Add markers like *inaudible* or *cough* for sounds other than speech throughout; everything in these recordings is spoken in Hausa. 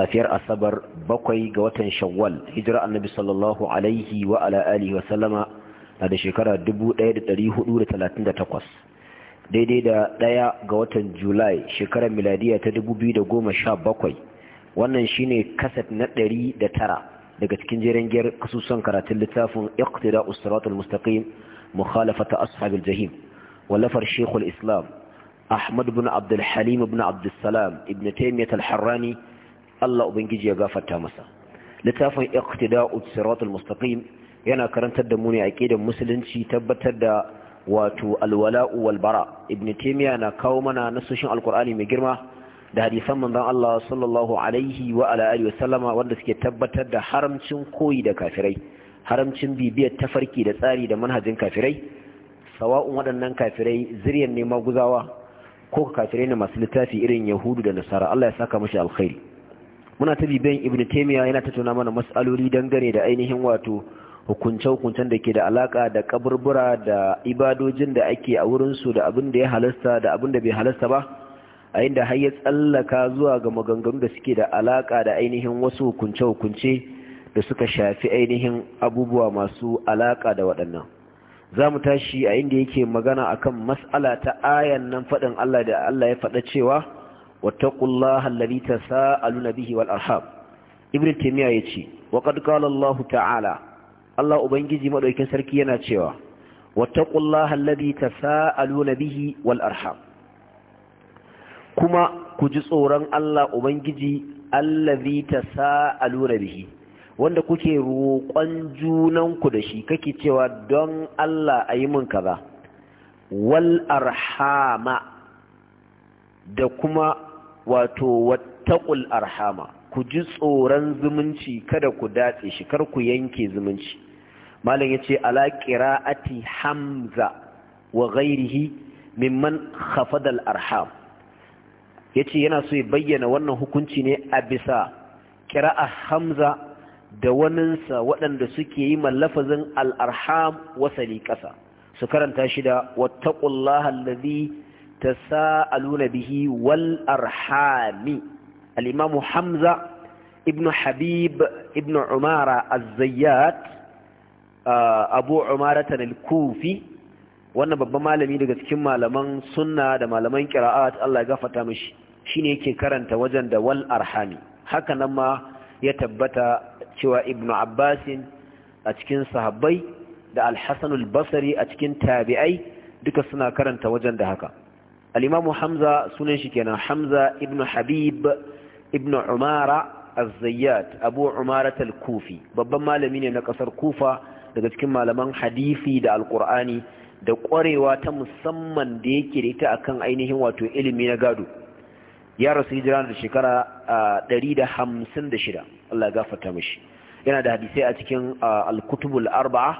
safiyar asabar bakwai ga watan shawwal hijira annabi sallallahu alaihi wa ala alihi wa sallama na da shekara 1438 daidai da daya ga watan julai shekarar miladiya ta 2017 wannan shine kasat na 109 daga cikin jeren giyar kasusan karatun littafin iqtida usratul mustaqim mukhalafata ashabil jahim wallafar shekul islam ahmad bin abdul halim bin abdul salam ibn taymiyat al-harrani Allah ubangiji ya gafarta masa littafin iqtida'u siratul mustaqim yana karantar da mu ne aqidar musulunci tabbatar da wato alwala'u wal bara ibn taymiya na kawo mana nasoshin alqur'ani mai girma da hadisan manzon Allah sallallahu alaihi wa ala alihi wa sallama wanda suke tabbatar da haramcin koyi da kafirai haramcin bibiyar tafarki da tsari da manhajin kafirai sawa'un waɗannan kafirai zuriyar ne maguzawa ko kafirai ne masu littafi irin yahudu da nasara Allah ya saka mashi alkhairi muna ta bibiyan ibnu taymiya yana tattauna mana mas'aloli dangane da ainihin wato hukunce-hukuncen da ke da alaka da kaburbura da ibadojin da ake a wurinsu da abin da ya halasta da abin da bai halasta ba a inda har ya tsallaka zuwa ga maganganu da suke da alaka da ainihin wasu hukunce-hukunce da suka shafi ainihin abubuwa masu alaka da waɗannan za mu tashi a inda yake magana akan mas'ala ta ayan nan faɗin Allah da Allah ya faɗa cewa واتقوا الله الذي تساءلون به والارحام ابن تيميه يجي وقد قال الله تعالى الله ابنجي مدوكين سركي yana cewa واتقوا الله الذي تساءلون به والارحام kuma ku ji tsoron Allah ubangiji allazi tasaaluna bihi wanda kuke roƙon junanku da shi kake cewa don Allah ayi mun min kaza wal arhama da kuma wato wattaqul arhama ku ji tsoron zumunci kada ku datse shi kar ku yanke zumunci malam yace ala ati hamza wa ghairihi mimman khafada arham yace yana so ya bayyana wannan hukunci ne a bisa qira'a hamza da waninsa waɗanda suke yi mallafazin al'arham wasali ƙasa su karanta shi da wattaqullaha tasa'aluna bihi wal arhami al-imamu hamza ibn habib ibn uh, umara az-zayyat abu al-kufi wannan babban malami daga cikin malaman sunna da malaman qira'at Allah ya gafarta mishi shine yake karanta wajen da wal arhami haka nan ma ya tabbata cewa ibnu Abbas a cikin sahabbai da al-hasan al-basri a cikin tabi'ai duka suna karanta wajen da haka al'imamu hamza sunan shi kenan hamza ibn habib ibnu umara az-zayyat abu umara al-kufi babban malami ne na kasar kufa daga cikin malaman hadisi da alkur'ani da ƙwarewa ta musamman da yake da ita akan ainihin wato ilimi na gado ya rasu hijira da shekara 156 Allah ya gafarta mishi yana da hadisai a cikin al-kutubul arba'a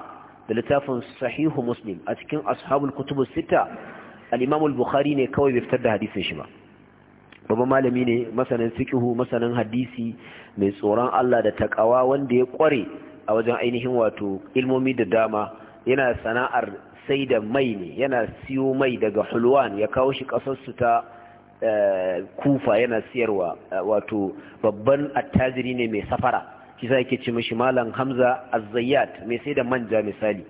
da littafin sahihu muslim a cikin ashabul kutubus sita al-Imam al-Bukhari ne kawai bai fitar da hadisin shi ba babban malami ne masanin fiqhu masanin hadisi mai tsoron Allah da takawa wanda ya kware a wajen ainihin wato ilmomi da dama yana sana'ar sai da mai ne yana siyo mai daga Hulwan ya kawo shi kasar su ta eh, Kufa yana siyarwa eh, wato babban attajiri ne mai safara kisa yake ce mishi malam Hamza Az-Zayyat mai sai da manja misali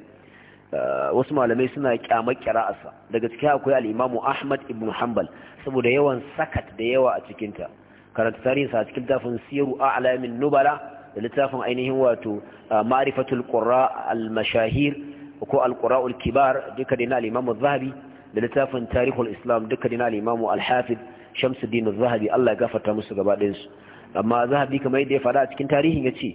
Eh, wasu malamai suna kyamar kira'arsa daga ciki akwai al'imamu ahmad ibn hanbal saboda yawan sakat da yawa a cikinta karanta tarihinsa a cikin tafin siru a alamin nubala da littafin ainihin wato eh, ma'arifatul qurra al-mashahir ko al-qurra al-kibar duka dina al-imamu zahabi da littafin tarihul islam duka dina al-imamu al-hafid shamsuddin zahabi Allah ya gafarta musu gaba ɗayansu amma zahabi kamar yadda ya faɗa a cikin tarihin ya ce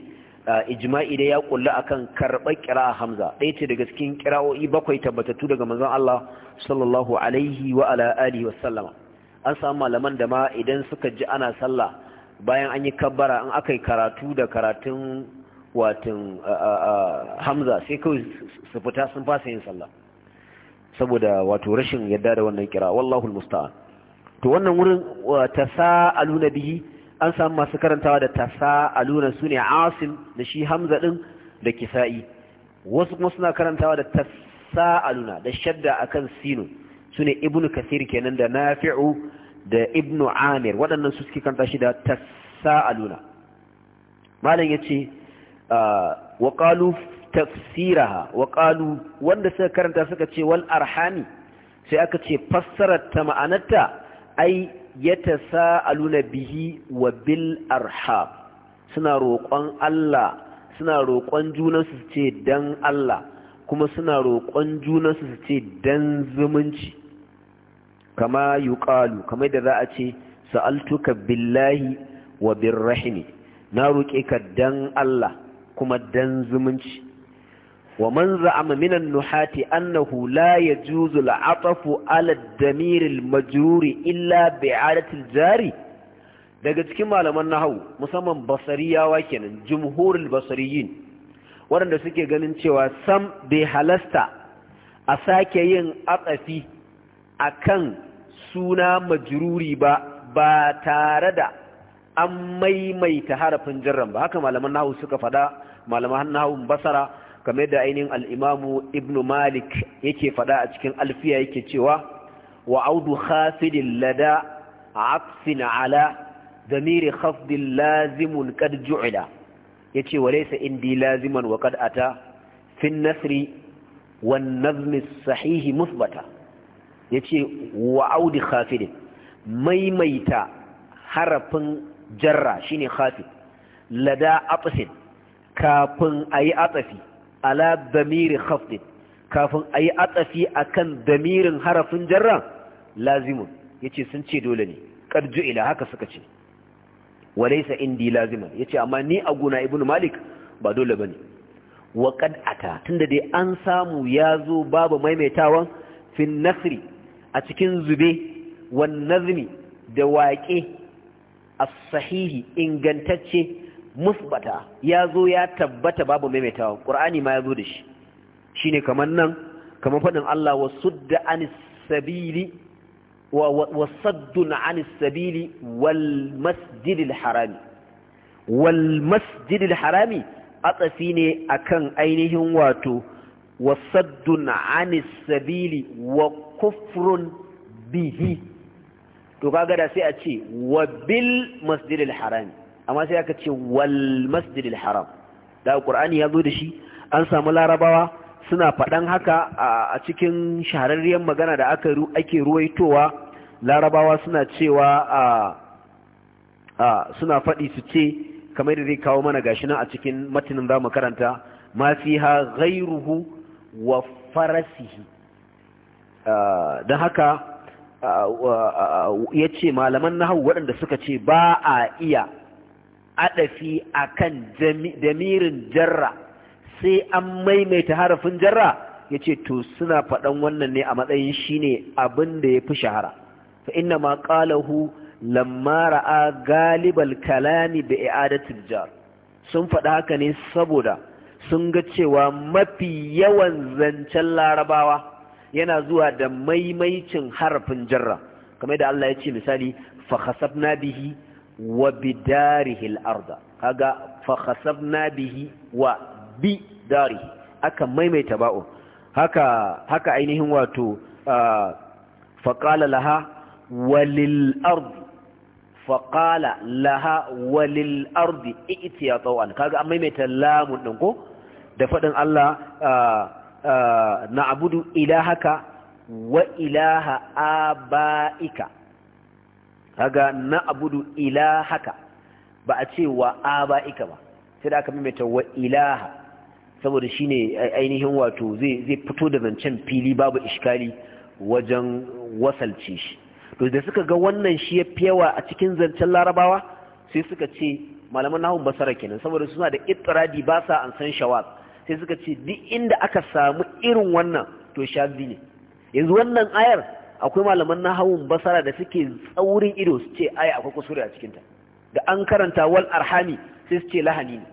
ijma'i da ya kulla akan karɓar kira'a hamza ɗaya ce daga cikin kira'o'i bakwai tabbatatu daga manzon Allah sallallahu alaihi wa ala alihi sallama. an samu malaman da ma idan suka ji ana sallah bayan an yi kabbara an aka yi karatu da karatun watan hamza sai kawai su fita sun fasa yin sallah saboda wato rashin yadda da wannan kira wallahu musta'an to wannan wurin ta sa'alu bihi an samu masu karantawa da tasa'aluna su ne asim da shi hamza ɗin da kisa'i wasu kuma suna karantawa da luna da shadda kan sino su ne ibnu kasir kenan da nafi'u da ibnu amir waɗannan su suke kanta shi da luna. malam ya ce ah, wa ƙalu tafsiraha wa ƙalu wanda suka karanta suka ce wal arhani sai aka ce fassarar ta ma'anarta ai yatasaaluna bihi wa bil arham suna roƙon Allah suna roƙon junansu su ce dan Allah kuma suna roƙon junansu su ce dan zumunci kama yuqalu kamar da za a ce sa'altuka billahi wa Rahimi, na roƙe ka dan Allah kuma dan zumunci wa manza za'ama minan nuhati annahu la yajuzu al'atafu ala ad-damir al-majrur illa bi'adati al-jari daga cikin malaman nahwu musamman basariyawa kenan Jumhurin basariyin waɗanda suke ganin cewa sam bai halasta a sake yin atsafi akan suna majruri ba ba tare da an maimaita harafin jarran haka malaman nahu suka faɗa, malaman nahu basara kamar da ainihin al'imamu ibn malik yake fada a cikin alfiya yake cewa wa audu khafidin lada atfin ala zamiri khafdin lazimun kad ju'ila ya ce wa laisa indi laziman wa kad ata fin nasri wan nazmi sahihi musbata ya ce wa audu maimaita harafin jarra shine khafid lada atfin kafin a yi atsafi ala damirin hafdin kafin ayi yi atsafi a kan damirin harafin jarra lazimun ya ce sun ce dole ne ƙarju ila haka suka ce walaisa indi laziman ya amma ni a guna ibn malik ba dole ba ne wa ƙad'ata tunda dai an samu ya zo babu maimaitawan fin nasri a cikin zube wan nazmi da waƙe a sahihi ingantacce musbata ya zo ya tabbata babu maimaitawa qur'ani ma ya zo da shi shine kamar nan kamar faɗin Allah sabili wa wasaddun anis sabili wal harami wal harami atsafi ne akan ainihin wato wasaddun anis sabili wa kufrun bihi to kaga da sai a ce wa bil masjidil harami amma sai aka ce wal masjidil haram da qur'ani ya zo da shi an samu larabawa suna faɗan haka a cikin shahararriyar magana da aka ake ruwaitowa larabawa suna cewa a suna faɗi su ce kamar da zai kawo mana gashi nan a cikin matinin za karanta ma fiha ghayruhu wa farasihi Dan haka yace malaman nahawu wadanda suka ce ba a iya adafi kan damirin jarra sai an maimaita harafin jarra yace to suna faɗan wannan ne a matsayin shine abin da ya fi shahara fa inna ma qalahu lamma a galibal kalami bi i'adatil jar sun faɗa haka ne saboda sun ga cewa mafi yawan zancen larabawa yana zuwa da maimaicin harafin jarra kamar da Allah ya ce misali fa khasabna bihi wa bi al-arda kaga fa khasabna bihi wa bi darihi aka maimaita ba'u haka haka ainihin wato fa qala laha walil ardi fa qala laha walil ardi itiya tawan kaga an maimaita lamun din ko da fadin Allah na'budu ilahaka wa ilaha abaika kaga na abudu ilahaka ba a ce wa aba'ika ba sai da aka maimaita wa ilaha saboda shine ainihin wato zai zai fito da zancen fili babu iskali wajen wasalce shi to da suka ga wannan shi ya fiyawa a cikin zancen larabawa sai suka ce malaman nahun basara kenan saboda suna da itiradi ba sa an san shawab sai suka ce duk inda aka samu irin wannan to shazi ne yanzu wannan ayar akwai malaman nahawun basara da suke tsaurin ido su ce ayi akwai kusuri a cikinta da an karanta wal arhami sai su ce lahani ne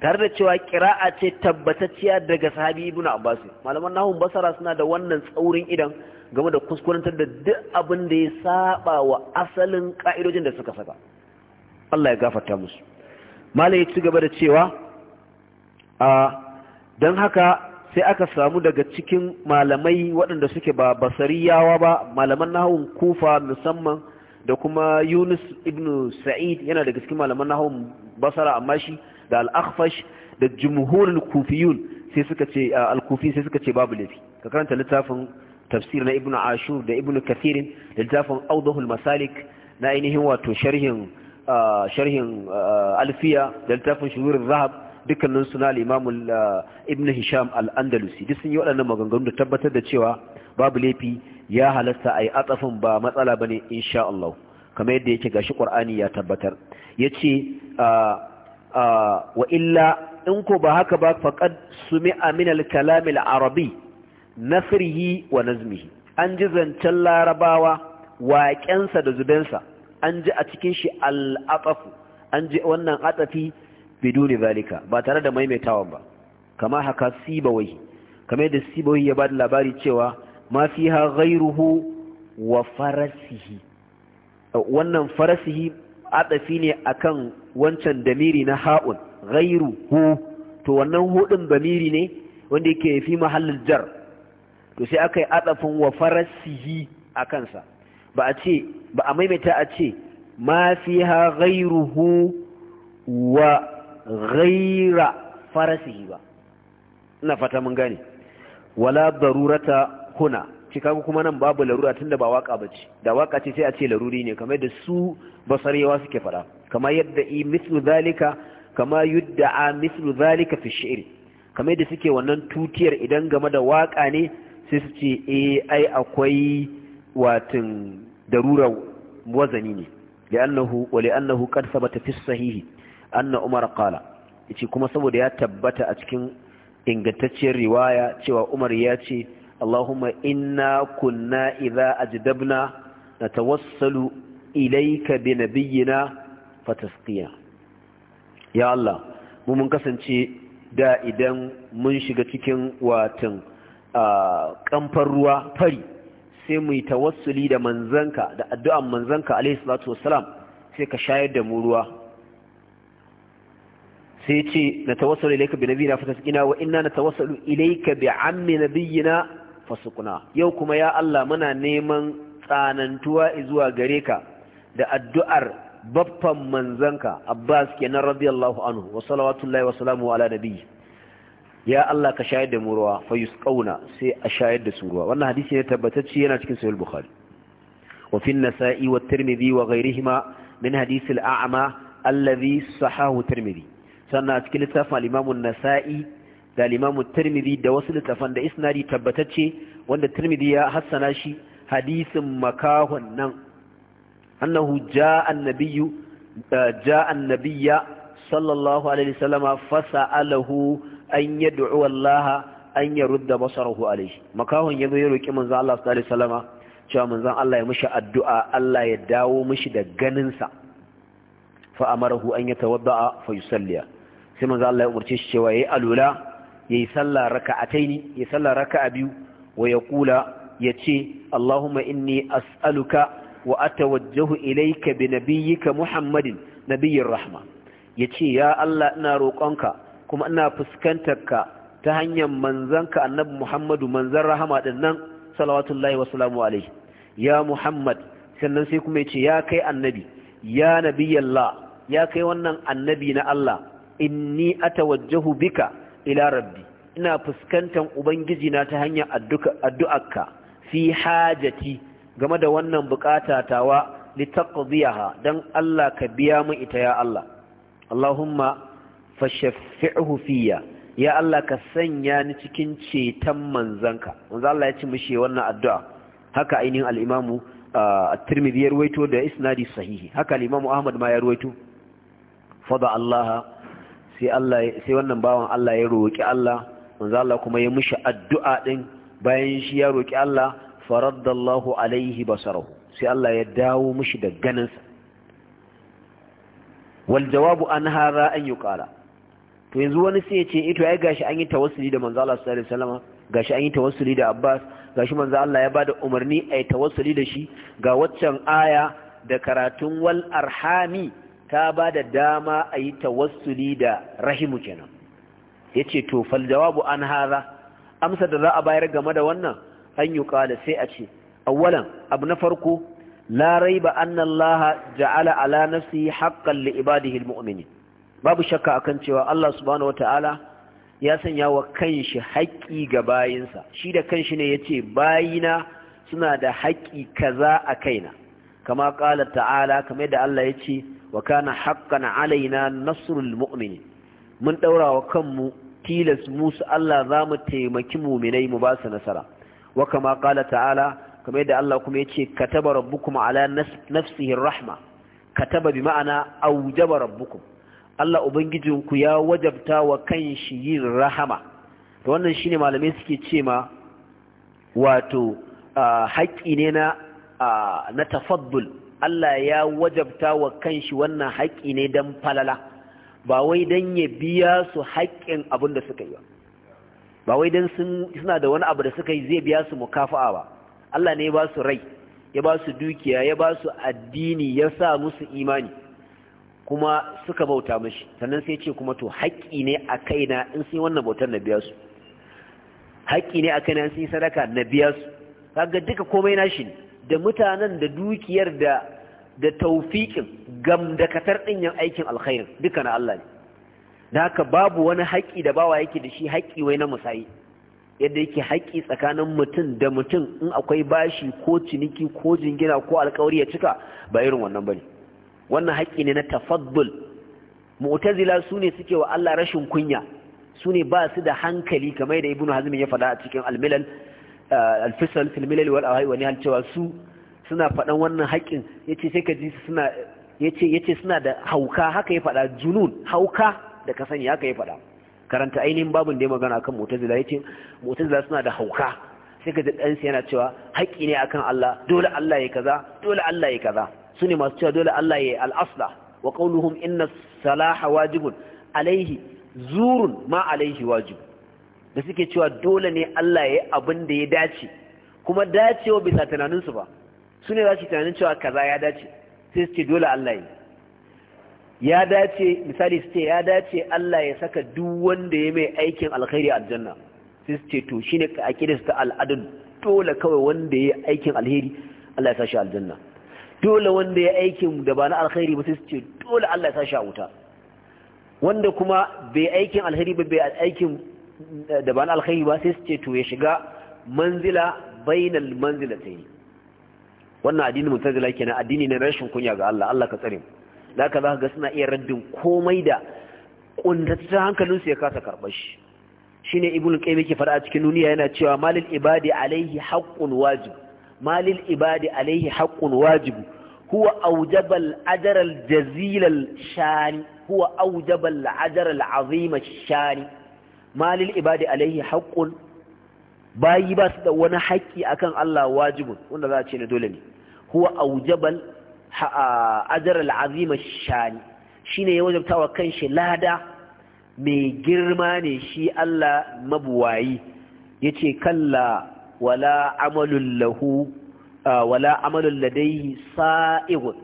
tare da cewa kira'a ce tabbatacciya daga sahabi ibn abbas malaman nahawun basara suna da wannan tsaurin idan game da kuskurantar da duk abin da ya saba wa asalin ka'idojin da suka saka Allah ya gafarta musu malai ya ci gaba da cewa a don haka sai aka samu daga cikin malamai waɗanda suke ba basariyawa ba malaman nahawun kufa musamman da kuma yunus ibn sa'id yana daga cikin malaman nahawun basara amma shi da al'akfash da jumhurul kufiyun sai suka ce al'kufi sai suka ce babu laifi ka karanta littafin tafsir na ibn ashur da ibn kathirin da littafin audahul masalik na ainihin wato sharhin alfiya da littafin shuhurul zahab dukkanin suna limamun uh, Ibn Hisham al-Andalusi duk sun yi waɗannan maganganu da tabbatar da cewa babu laifi ya halasta yi atsafin ba matsala bane insha Allah kamar yadda yake gashi ƙwar'ani ya tabbatar Ya ce uh, uh, wa illa in ko ba haka ba faƙad Su min Aminal Kalamil arabi na firhi wa nazmihi an ji zancen larabawa waƙensa da zubensa an ji a cikin shi al'atsafu an ji wannan atsafi biduni zalika ba tare da maimaitawa ba kama haka sibawai kamar yadda sibawai ya bada labari cewa ma fiha ghairuhu wa farasihi wannan farasihi adafi ne akan wancan damiri na ha'un ghairuhu to wannan hudun damiri ne wanda yake fi mahallin jar to sai aka yi adafin wa farasihi a kansa ba a ce ba a maimaita a ce ma fiha ghairuhu wa ghaira farasihi ba ina fata mun gane wala darurata huna cika kuma nan babu larura tunda ba waka bace da waka ce sai a ce laruri ne kamar da su basarewa suke faɗa. kama yadda i mislu zalika kama yudda'a mislu zalika fi shi'ri kamar da suke wannan tutiyar idan game da waka ne sai su ce eh ai akwai watin darurar wazani ne li'annahu wa li'annahu qad sabata fi sahihi anna umar qala yace kuma saboda ya tabbata a cikin ingantacciyar riwaya cewa umar ya ce allahumma inna kunna idza ajdabna natawassalu ilayka bi nabiyyina fatasqiya ya allah mu mun kasance da idan mun shiga cikin watan kamfar ruwa fari sai mu yi tawassuli da manzanka da addu'an manzanka alaihi salatu wassalam sai ka shayar da mu ruwa sai ce na tawassalu ilayka bi nabiyina fatasqina wa inna natawassalu ilayka bi ammi nabiyina yau kuma ya Allah muna neman tsanantuwa zuwa gare ka da addu'ar baffan manzanka Abbas kenan radiyallahu anhu wa salawatullahi wa salamu ala nabiyyi ya Allah ka shayar da mu ruwa fa yusqauna sai a shayar da su ruwa wannan hadisi ne tabbatacce yana cikin sahih bukhari wa fi an-nasa'i wa tirmidhi wa ghayrihima min hadisi al-a'ma alladhi sahahu tirmidhi sannan a cikin littafin al'imamun nasa'i da al'imamun tirmidhi da wasu littafan da isnadi tabbatacce wanda tirmidhi ya hassana shi hadisin makahon nan annahu ja'a annabiyyu eh, ja'a annabiyya sallallahu alaihi wasallama fasa'alahu an yad'u Allah an yarudda basarahu alaihi makahon yazo ya roki manzon Allah sallallahu alaihi wasallama cewa manzon Allah ya mishi addu'a Allah ya dawo mishi da ganinsa fa amarahu an yatawadda fa yusalliya sai manzo Allah ya umarce shi cewa yayi alula yayi sallah raka'ataini yayi sallah raka'a biyu wa yaqula yace Allahumma inni as'aluka wa atawajjahu ilayka bi nabiyyika Muhammadin nabiyyir rahma yace ya Allah ina roƙonka kuma ina fuskantarka ta hanyar manzanka annabi Muhammadu manzan rahama din nan salawatullahi wa salamu alaihi ya Muhammad sannan sai kuma yace ya kai annabi ya nabiyallah ya kai wannan annabi na Allah inni atawajjahu bika ila rabbi ina fuskantar ubangiji na ta hanyar addu'arka fi hajati game da wannan bukata tawa litaqdiyaha dan Allah ka biya mu ita ya Allah Allahumma fashaffi'hu fiyya ya Allah ka sanya ni cikin cetan manzanka manzo Allah ya ci mishi wannan addu'a haka ainihin al-Imam at-Tirmidhi ya ruwaito da isnadi sahihi haka al-Imam Ahmad ma ya ruwaito fada Allah sai wannan bawan Allah ya roki Allah manzo Allah kuma ya mishi addu'a din bayan shi ya roki Allah faraddallahu alaihi basarahu sai Allah ya dawo mishi da ganinsa wal jawabu an hara an yuqala to yanzu wani sai ya ce ito ai gashi an yi tawassuli da manzo Allah sallallahu alaihi wasallam gashi an yi tawassuli da Abbas gashi manzo Allah ya bada umarni ai tawassuli da shi ga waccan aya da karatun wal arhami ta ba da dama a yi tawassuli da rahimu kenan ya ce to faljawabu an haza amsa da za a bayar game da wannan an yi kala sai a ce awwalan abu na farko larai ba annallaha ja'ala ala nafsi haqqan li ibadihi babu shakka akan cewa Allah subhanahu ta'ala ya sanya wa kanshi haƙƙi ga bayinsa shi da kanshi ne yace bayina suna da haƙƙi kaza a kaina kama ƙala ta'ala kamar da Allah yace wa kana haqqan alaina nasrul mu'mini mun daura wa kanmu tilas musu Allah za mu taimaki muminai mu ba su nasara wa kama qala ta'ala kamar yadda Allah kuma yace kataba rabbukum ala nafsihi rahma kataba bi ma'ana awjaba rabbukum Allah ubangijinku ya wajabta wa kanshi yin rahama to wannan shine malamai suke ce ma wato haƙƙi ne na na tafaddul Allah ya wajabta wa kanshi wannan haƙƙi ne don falala ba wai don ya biya su haƙƙin abin da suka yi ba ba wai don suna da wani abu da suka yi zai biya su mukafa'a ba Allah ne ya ba su rai ya ba su dukiya ya ba su addini ya sa musu imani kuma suka bauta mashi sannan sai ce kuma to haƙƙi ne a kaina in sun yi wannan bautar na biya su haƙƙi ne a kaina in sun yi sadaka na biya su kaga duka komai nashi ne da mutanen da dukiyar da da taufiƙin gam da katar ɗinyan aikin alkhairin duka na Allah ne da haka babu wani haƙƙi da bawa yake da shi haƙƙi wai na musayi yadda yake haƙƙi tsakanin mutum da mutum in akwai bashi ko ciniki ko jingina ko alƙawari ya cika ba irin wannan bane wannan haƙƙi ne na tafaddul mu'tazila su ne suke wa Allah rashin kunya su ne ba su da hankali kamar da ibnu hazm ya faɗa a cikin al-milal alfisal filmilal wal ahai wani hal cewa su suna faɗan wannan haƙƙin ce sai ka ji suna ya ce suna da hauka haka ya faɗa junun hauka da ka sani haka ya faɗa karanta ainihin babin da ya magana akan mu'tazila yace mu'tazila suna da hauka sai ka ji dan yana cewa haƙƙi ne akan Allah dole Allah ya kaza dole Allah ya kaza ne masu cewa dole Allah ya al-asla wa qawluhum inna salaha wajibun alaihi zurun ma alaihi wajibun da suke cewa dole ne Allah ya yi abin da ya dace kuma dacewa bisa tunaninsu ba su ne za su tunanin cewa kaza ya dace sai su ce dole Allah ya ya dace misali su ce ya dace Allah ya saka duk wanda ya mai aikin alkhairi aljanna sai su ce to shine ka akida su ta al'adun dole kawai wanda ya aikin alheri Allah ya sa shi aljanna dole wanda ya aikin da ba na alkhairi ba sai su ce dole Allah ya sa shi a wuta wanda kuma bai aikin alheri ba bai aikin da ba na alkhairi ba sai su ce to ya shiga manzila bainal manzila ta yi wannan addinin mutazila kenan addini ne rashin kunya ga Allah Allah ka tsare mu da haka za ga suna iya raddin komai da hankalin su ya kasa karɓar shi shine ibnu qayyim yake fara a cikin duniya yana cewa malil ibadi alaihi haqqun wajib malil ibadi alaihi haqqun wajib huwa awjaba al-ajra al-jazila al-shani huwa awjaba al-ajra al shani malil ibadi alaihi haƙƙun. bayi ba su da wani haƙƙi akan Allah wajibun wanda za a ce na dole ne huwa aujabal ajar al'azima shani shine ya wajabtawa kanshi lada mai girma ne shi Allah mabuwayi ce kalla wala amalul lahu wala amalul ladayhi sa'igun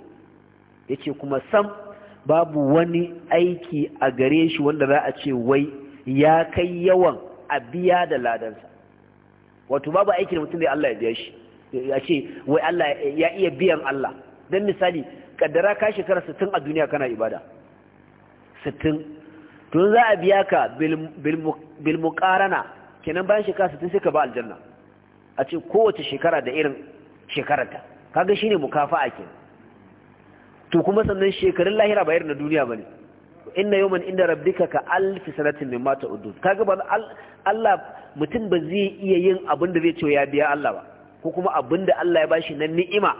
yace kuma sam babu wani aiki a gare shi wanda za a ce wai ya kai yawan a biya da ladansa wato babu aiki da mutum da Allah ya biya shi ya ce wai Allah ya iya biyan Allah don misali kaddara ka shekara sittin a duniya kana ibada sittin to za a biya ka bilmukarana muqarana kenan bayan shekara sittin sai ka ba aljanna a ce kowace shekara da irin shekararta kaga shine mukafa'a kenan to kuma sannan shekarun lahira ba irin na duniya bane inna yawman inda rabbika ka alfi sanatin mimma udu kaga ba Allah mutum ba zai iya yin abin da zai ce ya biya Allah ba ko kuma abin da Allah ya bashi na ni'ima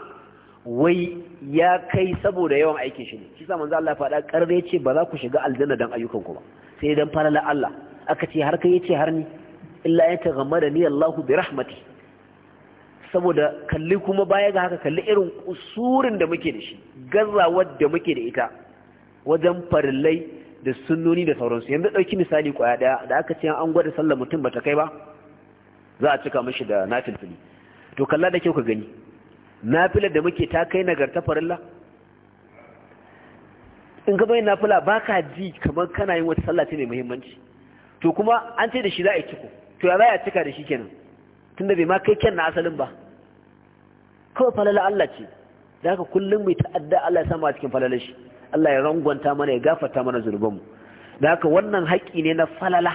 wai ya kai saboda yawan aikin shi ne shi sa manzo Allah faɗa ya ce ba za ku shiga aljanna dan ayyukan ku ba sai dan falala Allah aka ce har kai ce har ni illa ya da ni Allahu bi rahmati saboda kalli kuma baya ga haka kalli irin kusurin da muke da shi gazawar da muke da ita wajen farillai da sunnoni da sauransu yanzu ɗauki misali kwaya ɗaya da aka ce an gwada sallar mutum bata kai ba za a cika mashi da fili to kalla da kyau ka gani nafilar da muke ta kai nagarta farilla in ka bayan nafila ba ka ji kamar kana yin wata sallah ce mai muhimmanci to kuma an ce da shi za a yi ciko to ya za a cika da shi kenan tunda bai ma kai kyan na asalin ba kawai falala Allah ce da haka kullum mai ta'adda Allah ya sama a cikin falalar shi Allah ya rangwanta mana ya gafata mana zunubanmu da haka wannan haƙƙi ne na falala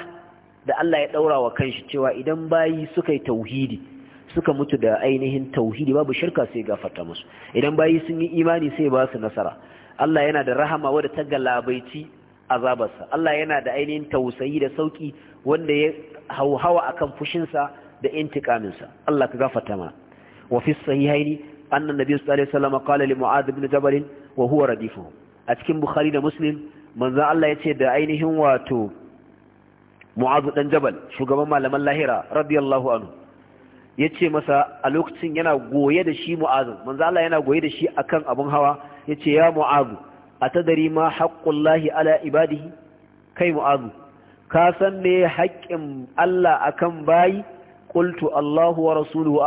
da Allah ya ɗaura wa kanshi cewa idan bayi suka yi tauhidi suka mutu da ainihin tauhidi babu shirka sai gafata musu idan bayi sun yi imani sai ba su nasara Allah yana da rahama wadda ta galabaici azabarsa Allah yana da ainihin tausayi da sauki wanda ya hauhawa akan fushinsa da intikaminsa Allah ka gafata mana wa fi sahihaini annan nabi sallallahu alaihi wasallam qala li mu'adh ibn jabal wa huwa a cikin bukhari da muslim manzan Allah ya ce da ainihin wato mu'azu dan jabal shugaban malaman lahira radiyallahu anhu ya ce masa a lokacin yana goye da shi mu'azu manzan Allah yana goye da shi akan abun hawa ya ce ya mu'azu a tadari ma haƙƙullahi ala ibadihi kai mu'azu ka san me haƙƙin Allah akan bayi Ƙultu Allahu wa rasuluhu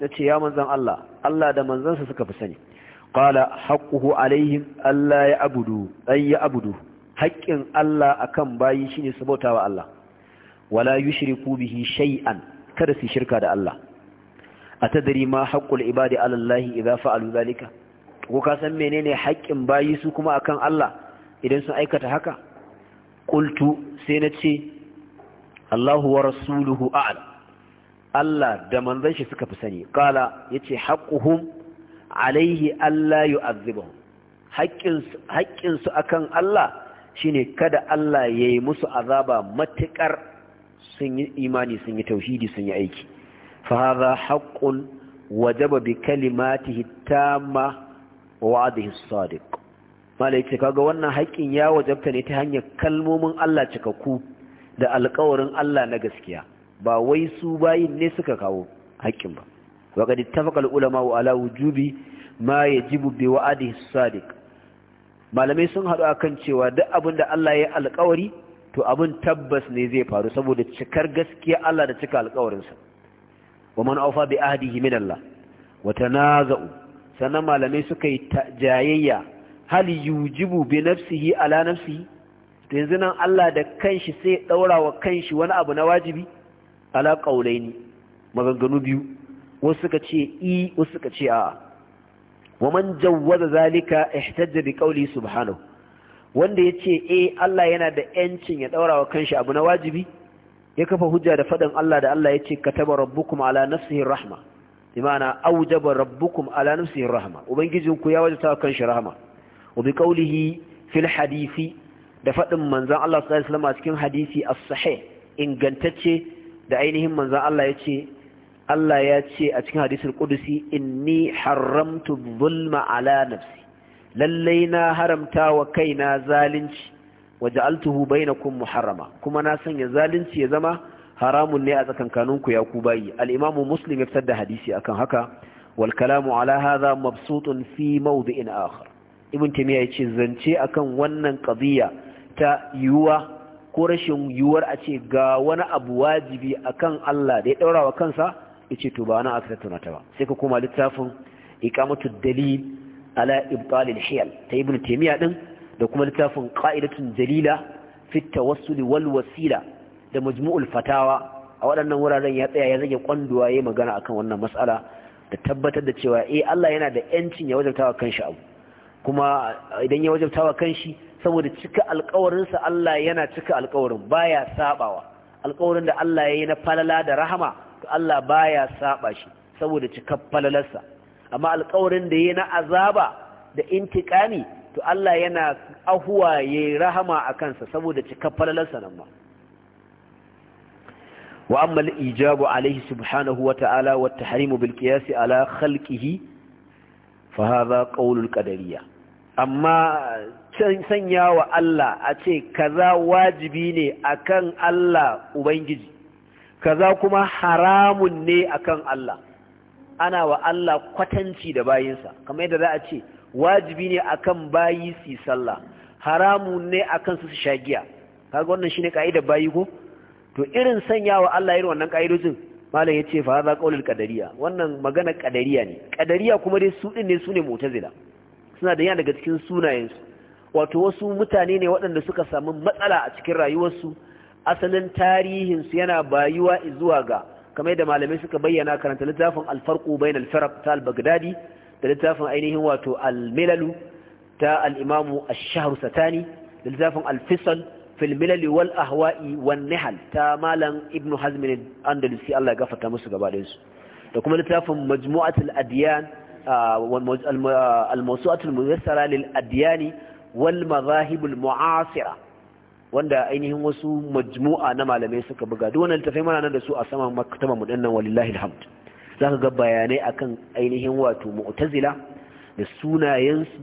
ya ce ya manzan Allah Allah da manzansa suka fi sani qala haqquhu alaihim alla ya'budu an ya'budu haƙƙin Allah akan bayi shine su wa Allah wala yushriku bihi shai'an kada su shirka da Allah atadri ma haqqul ibadi ala idan fa'alu zalika ko ka san menene haƙƙin bayi su kuma akan Allah idan sun aikata haka qultu sai na ce Allahu wa rasuluhu a'lam Allah da manzon shi suka fi sani qala yace haqquhum alaihi Allah yu'azzibuhum haƙƙin a kan Allah shine kada Allah ya yi musu azaba matuƙar sun yi imani sun yi tauhidi sun yi aiki fahaza haƙƙun waje wajaba bi kalimatihi tamma wa wa'dihi sadiq malai ce kaga wannan haƙƙin ya wajabta ne ta hanyar kalmomin Allah cikakku da alƙawarin Allah na gaskiya ba wai su bayin ne suka kawo haƙƙin ba وقد اتفق العلماء على وجوب ما يجب بوعده الصادق malamai sun haɗu akan cewa duk abin da Allah ya alƙawari to abin tabbas ne zai faru saboda cikar gaskiya Allah da cika sa. wa man awfa bi ahdihi min Allah wa tanaza'u sannan malamai suka yi jayayya hal yujibu bi nafsihi ala nafsihi to yanzu nan Allah da kanshi sai ya daura wa kanshi wani abu na wajibi ala qaulaini maganganu biyu wasu ka ce i wasu ka ce a wa man jawwaza zalika ihtajja bi qawli subhanahu wanda yace eh Allah yana da yancin ya daura wa kanshi abu na wajibi ya kafa hujja da fadan Allah da Allah yace kataba rabbukum ala nafsihi rahma bimana aujaba rabbukum ala nafsihi rahma ku ya wajaba kanshi rahma wa bi qawlihi fil hadisi da fadin manzon Allah sallallahu alaihi wasallam a cikin hadisi as-sahih ingantacce da ainihin manzon Allah yace Allah ya ce a cikin hadisul qudusi inni haramtu zulma ala nafsi lallai na haramta wa kaina zalunci waja'altuhu bainakum muharrama kuma na sanya zalunci ya zama haramun ne a tsakankaninku ya ku bayi al-imam muslim ya fitar da hadisi akan haka wal kalamu ala hadha mabsutun fi mawdi'in akhar ibn taymiya yace zance akan wannan qadiya ta yuwa ko rashin yuwar a ce ga wani abu wajibi akan Allah da ya daura wa kansa yace to ba na aka tattauna ta ba sai ka koma littafin iqamatu dalil ala ibtal al-hiyal ta ibn taymiya din da kuma littafin qa'idatun dalila fi tawassul wal wasila da majmu'ul fatawa a waɗannan wuraren ya tsaya ya rage kwanduwa yayin magana akan wannan mas'ala da tabbatar da cewa eh Allah yana da yancin ya wajabtawa kanshi abu kuma idan ya wajabtawa kanshi saboda cika alƙawarinsa Allah yana cika alƙawarin baya sabawa alƙawarin da Allah ya yi na falala da rahama to Allah baya saba shi saboda cikar falalarsa amma alƙawarin da yi na azaba da intiƙami to Allah yana ahuwa yayi rahama a kansa saboda cikar falalarsa nan ma wa amma ijabu alayhi subhanahu wa ta'ala wa at-tahrimu bil ala khalqihi fa hadha qawlul qadariyya amma sanya wa Allah a ce kaza wajibi ne akan Allah ubangiji kaza kuma haramun ne akan Allah ana wa Allah kwatanci da bayinsa kamar yadda za a ce wajibi ne akan bayi su sallah haramun ne akan su sha giya kaga wannan shine kaidar bayi ko to irin sanya wa Allah irin wannan kaidojin malam yace fa za qaulul qadariya wannan magana qadariya ne qadariya kuma dai su din ne su ne mu'tazila suna da yana daga cikin sunayensu wato wasu mutane ne waɗanda suka samu matsala a cikin rayuwarsu asalin tarihinsu yana bayuwa zuwa ga kamar da malamai suka bayyana karanta littafin alfarqu bainal firaq ta albagdadi da littafin ainihin wato almilalu ta alimamu imamu ash satani da littafin al-fisal wal ahwa'i wan nihal ta malam ibnu hazmin al-andalusi Allah ya gafarta musu gaba da da kuma littafin majmu'atul adiyan al-mawsu'atul muyassara lil adiyani wal madhahib muasira wanda ainihin wasu majmu'a na malamai suka buga duk wannan tafai mana nan da su a saman maktaba mu dinnan walillahi alhamd zaka ga bayanai akan ainihin wato mu'tazila da sunayensu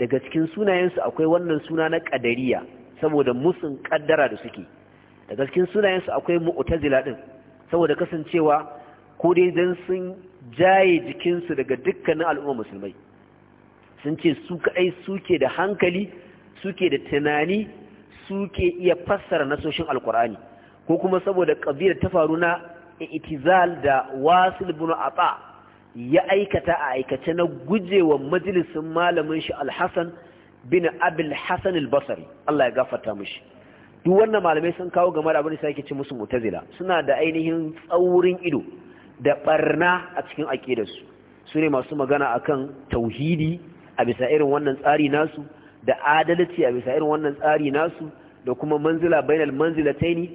daga cikin sunayensu akwai wannan suna na qadariya saboda musun kaddara da suke daga cikin sunayensu akwai mu'tazila din saboda kasancewa ko dai dan sun jaye jikinsu daga dukkanin al'umma musulmai sun ce su kaɗai suke da hankali suke da tunani suke iya fassara nasoshin alkur'ani ko kuma saboda kabilar ta faru na itizal da wasil bin ata ya aikata a aikace na gujewa majalisin malamin shi alhassan bin abil hassan albasari Allah ya gafarta mishi duk wannan malamai sun kawo game da abin da sai ce musu mutazila suna da ainihin tsaurin ido da barna a cikin aqidarsu su ne masu magana akan tauhidi a bisa irin wannan tsari nasu da adalci a bisa irin wannan tsari nasu da kuma manzila bainal manzilataini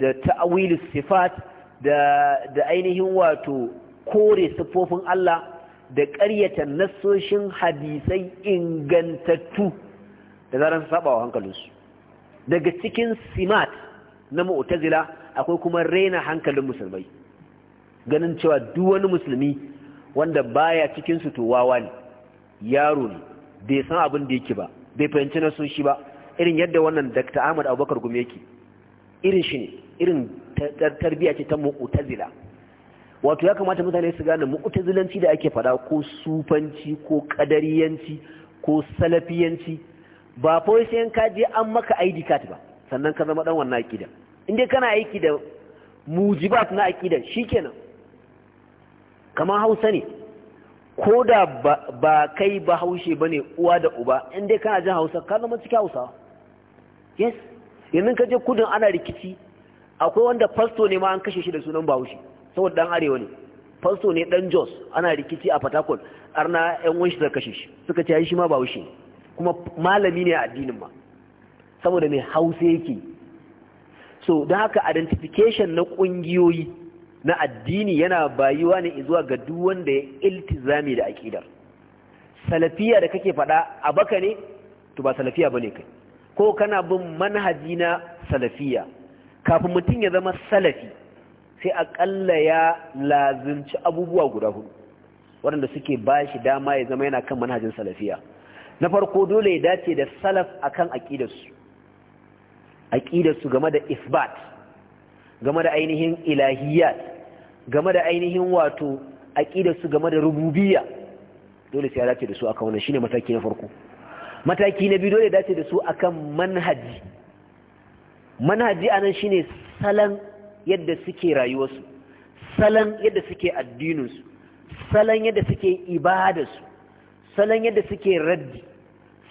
da ta'awilus sifat da da ainihin wato kore sifofin Allah da ƙaryata nasoshin hadisai ingantattu da zaran sabawa hankalinsu daga cikin simat na mu'tazila akwai kuma raina hankalin musulmai ganin cewa duk wani musulmi wanda baya cikin su to wawa ne yaro ne bai san abin da yake ba bai fahimci na sun shi ba irin yadda wannan Dr. Ahmad Abubakar Gumi yake irin shi ne irin tarbiya ce ta mu'tazila wato ya kamata mutane su gane mu'tazilanci da ake fada ko sufanci ko kadariyanci ko salafiyanci ba fa sai ka je an maka ID card ba sannan ka zama dan wannan akida in dai kana aiki da mujibat na shi shikenan kamar Hausa ne ko da ba kai ba haushe ba ne uwa da uba in dai kana jin hausa ka zama cikin hausa yes yanzu ka je kudin ana rikici akwai wanda fasto ne ma an kashe shi da sunan bahaushe saboda dan arewa ne fasto ne dan jos ana rikici a fatakon arna yan wanshi suka kashe shi suka ce shi ma bahaushe kuma malami ne a addinin ma saboda mai hausa yake so don haka identification na ƙungiyoyi. na addini yana bayuwa ne zuwa ga duk wanda ya iltizami da aqidar salafiya da kake faɗa a baka ne to ba salafiya bane kai ko kana bin manhaji na salafiya kafin mutum ya zama salafi sai akalla ya lazimci abubuwa guda hudu waɗanda suke ba shi dama ya zama yana kan manhajin salafiya na farko dole ya dace da salaf akan aqidarsu aqidarsu game da isbat game da ainihin ilahiyat game da ainihin wato aƙidarsu su game da rububiya dole sai ya dace da su akan wannan shine mataki na farko mataki na biyu dole dace da su akan manhaji manhaji anan shine salan yadda suke rayuwarsu salan yadda suke addininsu salan yadda suke ibadarsu salan yadda suke raddi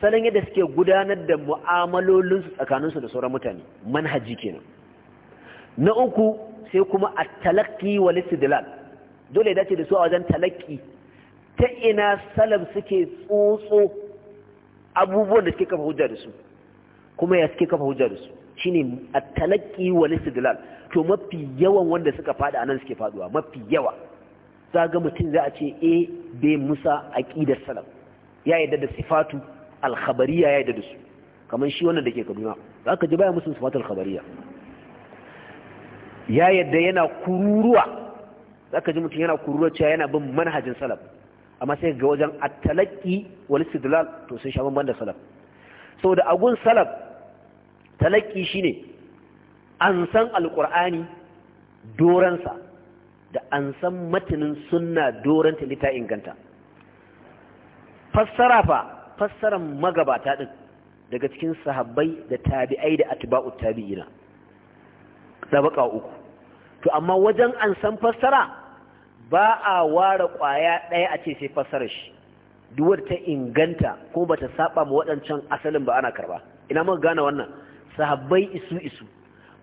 salon yadda suke gudanar da mu'amalolinsu tsakaninsu da sauran mutane manhaji kenan na uku sai kuma a talaki wal istidlal dole ya dace da su a wajen talaki ta ina salaf suke tsotso abubuwan da suke kafa hujja da su kuma ya suke kafa hujja da su shine a talaqqi wal istidlal to mafi yawan wanda suka fada anan suke faduwa mafi yawa za ga mutum za a ce A, be musa aqidar salaf ya yadda da sifatu al-khabariyya ya yadda da su kamar shi wannan da ke Kaduna za ka ji baya musu sifatu al-khabariyya ya yadda yana kururuwa ka ji mutum yana kururuwa cewa yana bin manhajin salaf amma sai ga wajen atalaki wani sidilal to sun sha bamban da salaf saboda agun salaf talaki shine an san alkur'ani doransa da an san matanin sunna doranta lita inganta fassara fa fassaran magabata din daga cikin sahabbai da tabi'ai da atba'ut tabi'ina ɗabaka uku to amma wajen an san fassara ba a ware ƙwaya ɗaya a ce sai fassarar shi duwar ta inganta ko ba ta saba ma waɗancan asalin ba ana karba ina muka gane wannan sahabbai isu isu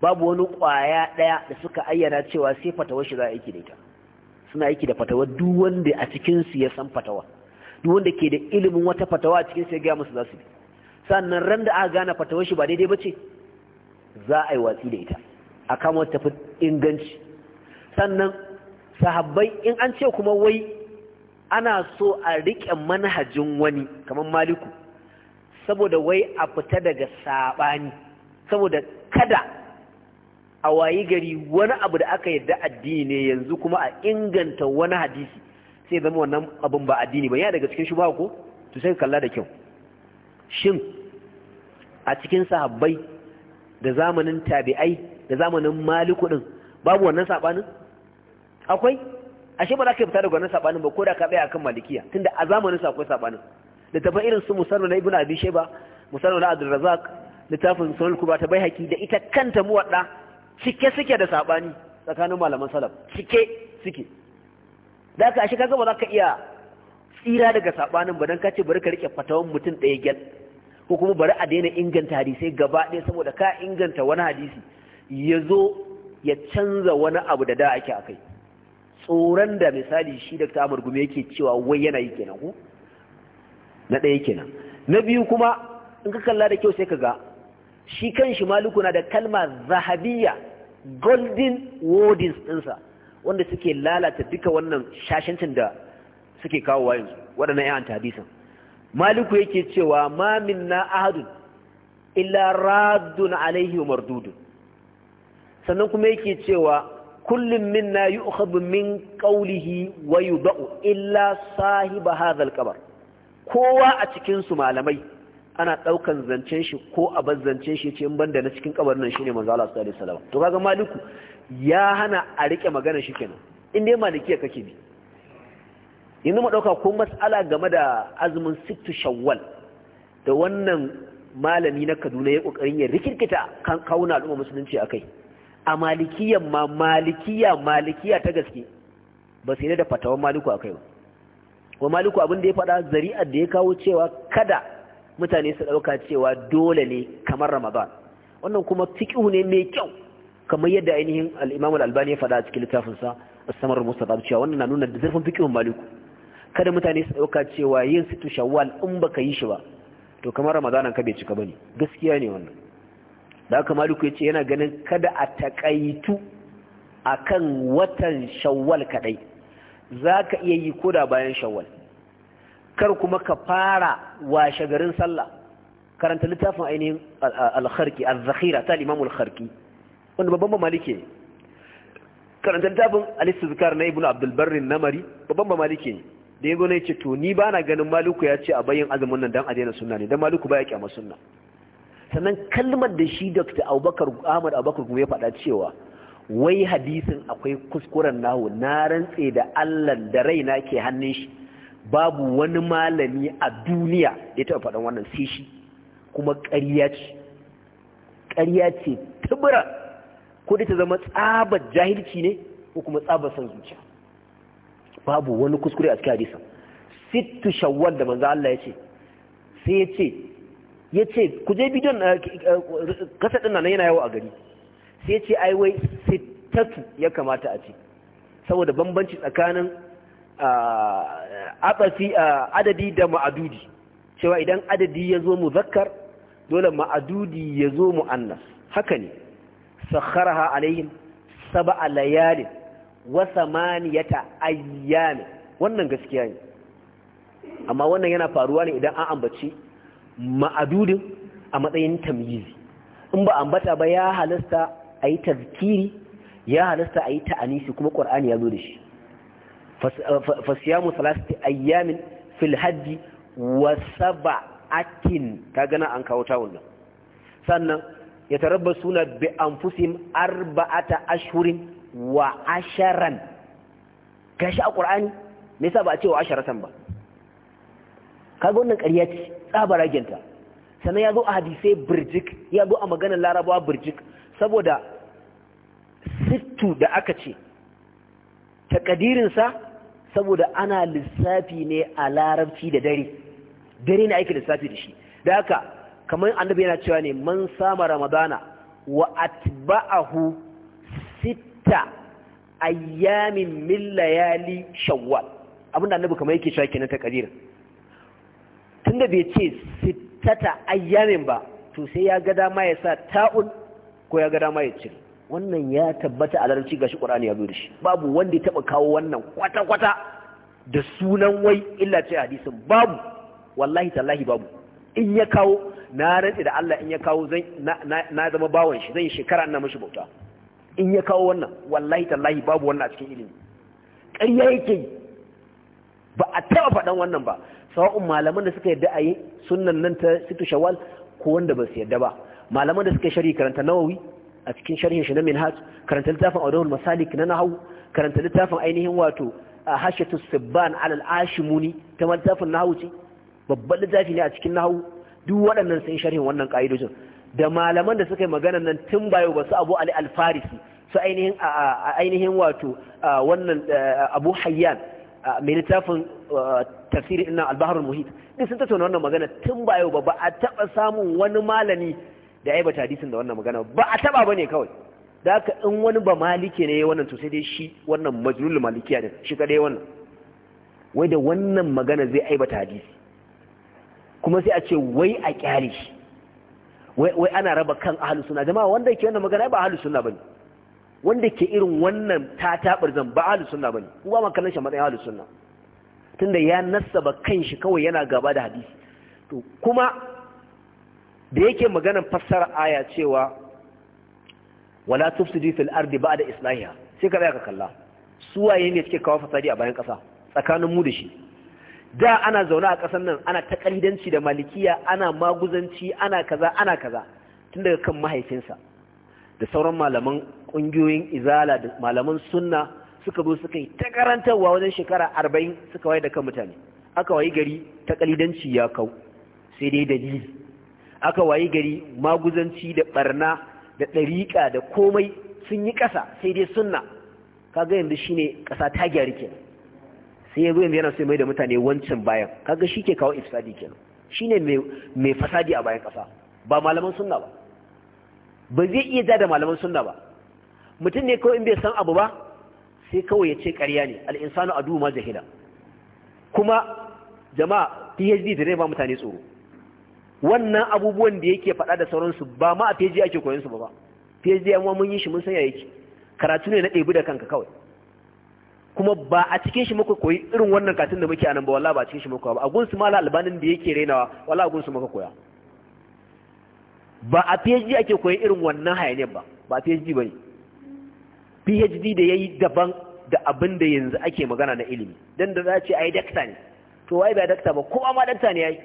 babu wani ƙwaya ɗaya da suka ayyana cewa sai fatawar shi za a aiki da ita suna aiki da fatawa duk wanda a cikin ya san fatawa duk wanda ke da ilimin wata fatawa a cikin su ya gaya musu za su bi sannan ran da aka gane fatawar shi ba daidai ba ce za a yi watsi da ita a kama wata fi inganci sannan sahabbai in an ce kuma wai ana so a riƙe manhajin wani kamar maliku saboda wai a fita daga saɓani saboda kada a wayi gari wani abu da aka yadda addini ne yanzu kuma a inganta wani hadisi sai zama wannan abin ba addini ba ya daga cikin shubha ko to sai kalla da kyau shin a cikin sahabbai da zamanin tabi'ai da zamanin maliku din babu wannan sabanin akwai ashe ba za ka fita daga wannan sabanin ba ko da ka tsaya akan malikiya tunda a zamanin sa akwai sabanin da tafi irin su musallu na ibnu abi shayba musallu na abdul razzaq littafin sunan kubra ta baihaqi da ita kanta muwadda cike suke da sabani tsakanin malaman salaf cike suke da ka ashe ga ba za ka iya tsira daga sabanin ba dan ka ce bari ka rike fatawan mutum ɗaya gyal ko kuma bari a daina inganta hadisai gaba ɗaya saboda ka inganta wani hadisi ya zo ya canza wani abu da da ake a kai tsoron da misali shi da ta gume yake cewa wai yana yi kenan ko na ɗaya kenan na biyu kuma in ka kalla da kyau sai ka ga shi kan shi malukuna da kalma zahabiya golden wardens ɗinsa wanda suke lalata duka wannan shashancin da suke kawo yanzu waɗannan ya'anta hadisan maliku yake cewa ma minna ahadun illa raddun alaihi wa mardudun sannan kuma yake cewa kullum minna yu'khadhu min qawlihi wa yudau illa sahiba hadha al kowa a cikin su malamai ana daukan zancen shi ko a zancen shi ce in banda na cikin kabarin nan shine manzo Allah sallallahu alaihi wasallam to kaga maliku ya hana a rike magana shi kenan in dai malikiya kake bi yanzu ma ɗauka ko matsala game da azumin sittu shawwal da wannan malami na kaduna ya ƙoƙarin ya rikirkita kan kawuna al'umma musulunci a kai a malikiya ma malikiya malikiya ta gaske ba sai da fatawan maliku a kai ba wa maliku abin da ya faɗa zari'ar da ya kawo cewa kada mutane su ɗauka cewa dole ne kamar ramadan wannan kuma fiƙihu ne mai kyau kamar yadda ainihin al'imamul albani ya faɗa a cikin littafinsa asamar musa cewa wannan na nuna da zurfin fiƙihun maliku kada mutane su ɗauka cewa yin situ shawwal in baka yi shi ba to kamar ramadan ka bai cika bane gaskiya ne wannan da haka maliku yace yana ganin kada a takaitu akan watan shawwal kadai zaka iya yi koda bayan shawwal kar kuma ka fara washe garin sallah karanta littafin ainihin al-kharki al zakhira ta imam al-kharki wanda babban maliki karanta littafin al-istizkar na ibnu abdul barr an-namari babban maliki ne da ya gona ce to ni ba na ganin maluku ya ce a bayan azumin nan don a daina sunna ne don maluku ba ya kyama sunna sannan kalmar da shi dr abubakar ahmad abubakar kuma ya fada cewa wai hadisin akwai kuskuren nahu na rantse da allah da raina ke hannun shi babu wani malami a duniya ya taɓa faɗan wannan sai shi kuma ƙarya ce ƙarya ce ko da ta zama tsabar jahilci ne ko kuma tsabar son zuciya babu wani kuskure a cikin hadisin sittu shawwal da manzo Allah yace ce sai ya ce ku je bidon eh, eh, kasa ɗin nan yana yawo a gari sai yace ai wai sittatu ya kamata a ce saboda bambanci tsakanin abasi adadi da ma'adudi cewa idan adadi ya zo mu zakkar dole ma'adudi ya zo mu annas haka ne sakharaha alaihim sab'a layalin Wasamaniyata samaniyata ayyami wannan gaskiya ne amma wannan yana faruwa ne idan an ambaci ma'adudin a matsayin tamyizi in ba ambata ba ya halasta a yi tazkiri ya halasta a yi ta'anisi kuma ƙwar'ani ya zo da shi eh, fasiyamu salasti ayyamin fil hajji wa saba'atin ta gana an kawo ta wannan sannan ya tarabba suna bi amfusim arba'ata ashirin. wa asharan gashi a ƙur'ani me yasa ba a ce wa asharatan ba kaga wannan ƙarya ce tsabaragenta sannan ya zo a hadisai birjik ya zo a maganar larabawa birjik saboda sittu da aka ce takadirinsa saboda ana lissafi ne a larabci da dare dare ne aiki lissafi da shi da haka kamar annabi yana cewa ne man sama ramadana wa atba'ahu sittu sita ayyamin min layali shawwal abinda annabi kamar yake cewa kenan ta kadira tunda bai ce sittata ayyamin ba to sai ya ga dama ya sa ta'un ko ya ga dama ya cire wannan ya tabbata a larabci gashi qur'ani ya zo da shi babu wanda ya taba kawo wannan kwata kwata da sunan wai illa ce hadisin babu wallahi tallahi babu in ya kawo na rantsi da Allah in ya kawo na zama bawon shi zan shekara ina mashi bauta in ya kawo wannan wallahi tallahi babu wannan a cikin ilimi ƙarya yake ba a taɓa faɗan wannan ba sawa'un malaman da suka yarda a yi sunan nan ta situ shawal ko wanda ba su yarda ba malaman da suka shari karanta nawawi a cikin sharhin shi na minhaj karanta littafin audahul masalik na naha'u. karanta littafin ainihin wato a hashatu sibban alal ashimuni ta littafin nahawu ce babban littafi ne a cikin naha'u. duk waɗannan sun sharhin wannan ƙa'idojin da malaman da suka yi magana nan tun bayo ba su abu Al alfarisi su ainihin wato wannan abu hayyan mai littafin tafsiri ina albaharul muhit ɗin sun tattauna wannan magana tun bayo ba ba a taɓa samun wani malami da ya bata hadisin da wannan magana ba a taɓa ba ne kawai da haka in wani ba malike ne wannan to sai dai shi wannan majlul malikiya ne shi kadai wannan wai da wannan magana zai aibata hadisi kuma sai a ce wai a kyare shi wai ana raba kan ahlus sunna jama'a wanda yake wannan magana ba ahlus sunna bane wanda ke irin wannan ta ta zan ba ahlus sunna bane ku ba makallan shi matsayin ahlus sunna tunda ya nassaba shi kawai yana gaba da hadisi to kuma da yake maganar fassara aya cewa wala tufsidu fil ardi ba'da islahiha sai ka ka kalla su waye ne suke kawo fasadi a bayan kasa tsakanin mu da shi da ana zaune a ƙasar nan ana ta ƙalidanci da malikiya ana maguzanci ana kaza ana kaza tun daga kan mahaifinsa da sauran malaman ƙungiyoyin izala da malaman sunna suka zo suka yi ta karantarwa wajen shekara arba'in suka waye da kan mutane aka wayi gari ta ƙalidanci ya kau sai dai dalili aka wayi gari maguzanci da ɓarna da ɗariƙa da komai sun yi ƙasa sai dai sunna kaga yanzu shine ƙasa ta gyaru kenan sai ya zo yanzu yana sai mai da mutane wancan bayan kaga shi ke kawo ifsadi kenan shi ne mai fasadi a bayan ƙasa ba malaman sunna ba ba zai iya ja da malaman sunna ba mutum ne kawai in bai san abu ba sai kawai ya ce ƙarya ne al'insanu adu ma jahila kuma jama'a phd da zai ba mutane tsoro wannan abubuwan da yake faɗa da sauransu ba ma a phd ake koyon su ba ba phd amma mun yi shi mun san yake karatu ne na ɗebi da kanka kawai kuma ba a cikin shi muka koyi irin wannan katin da muke anan ba wallahi ba a cikin shi muka ba a gunsu mala albanin da yake rainawa wallahi a gunsu muka koya ba a PhD ake koyi irin wannan hayaniyar ba ba PhD bane PhD da yayi daban da abin da yanzu ake magana na ilimi dan da za a ce ai dakta ne to wai ba dakta ba kowa ma dakta ne yayi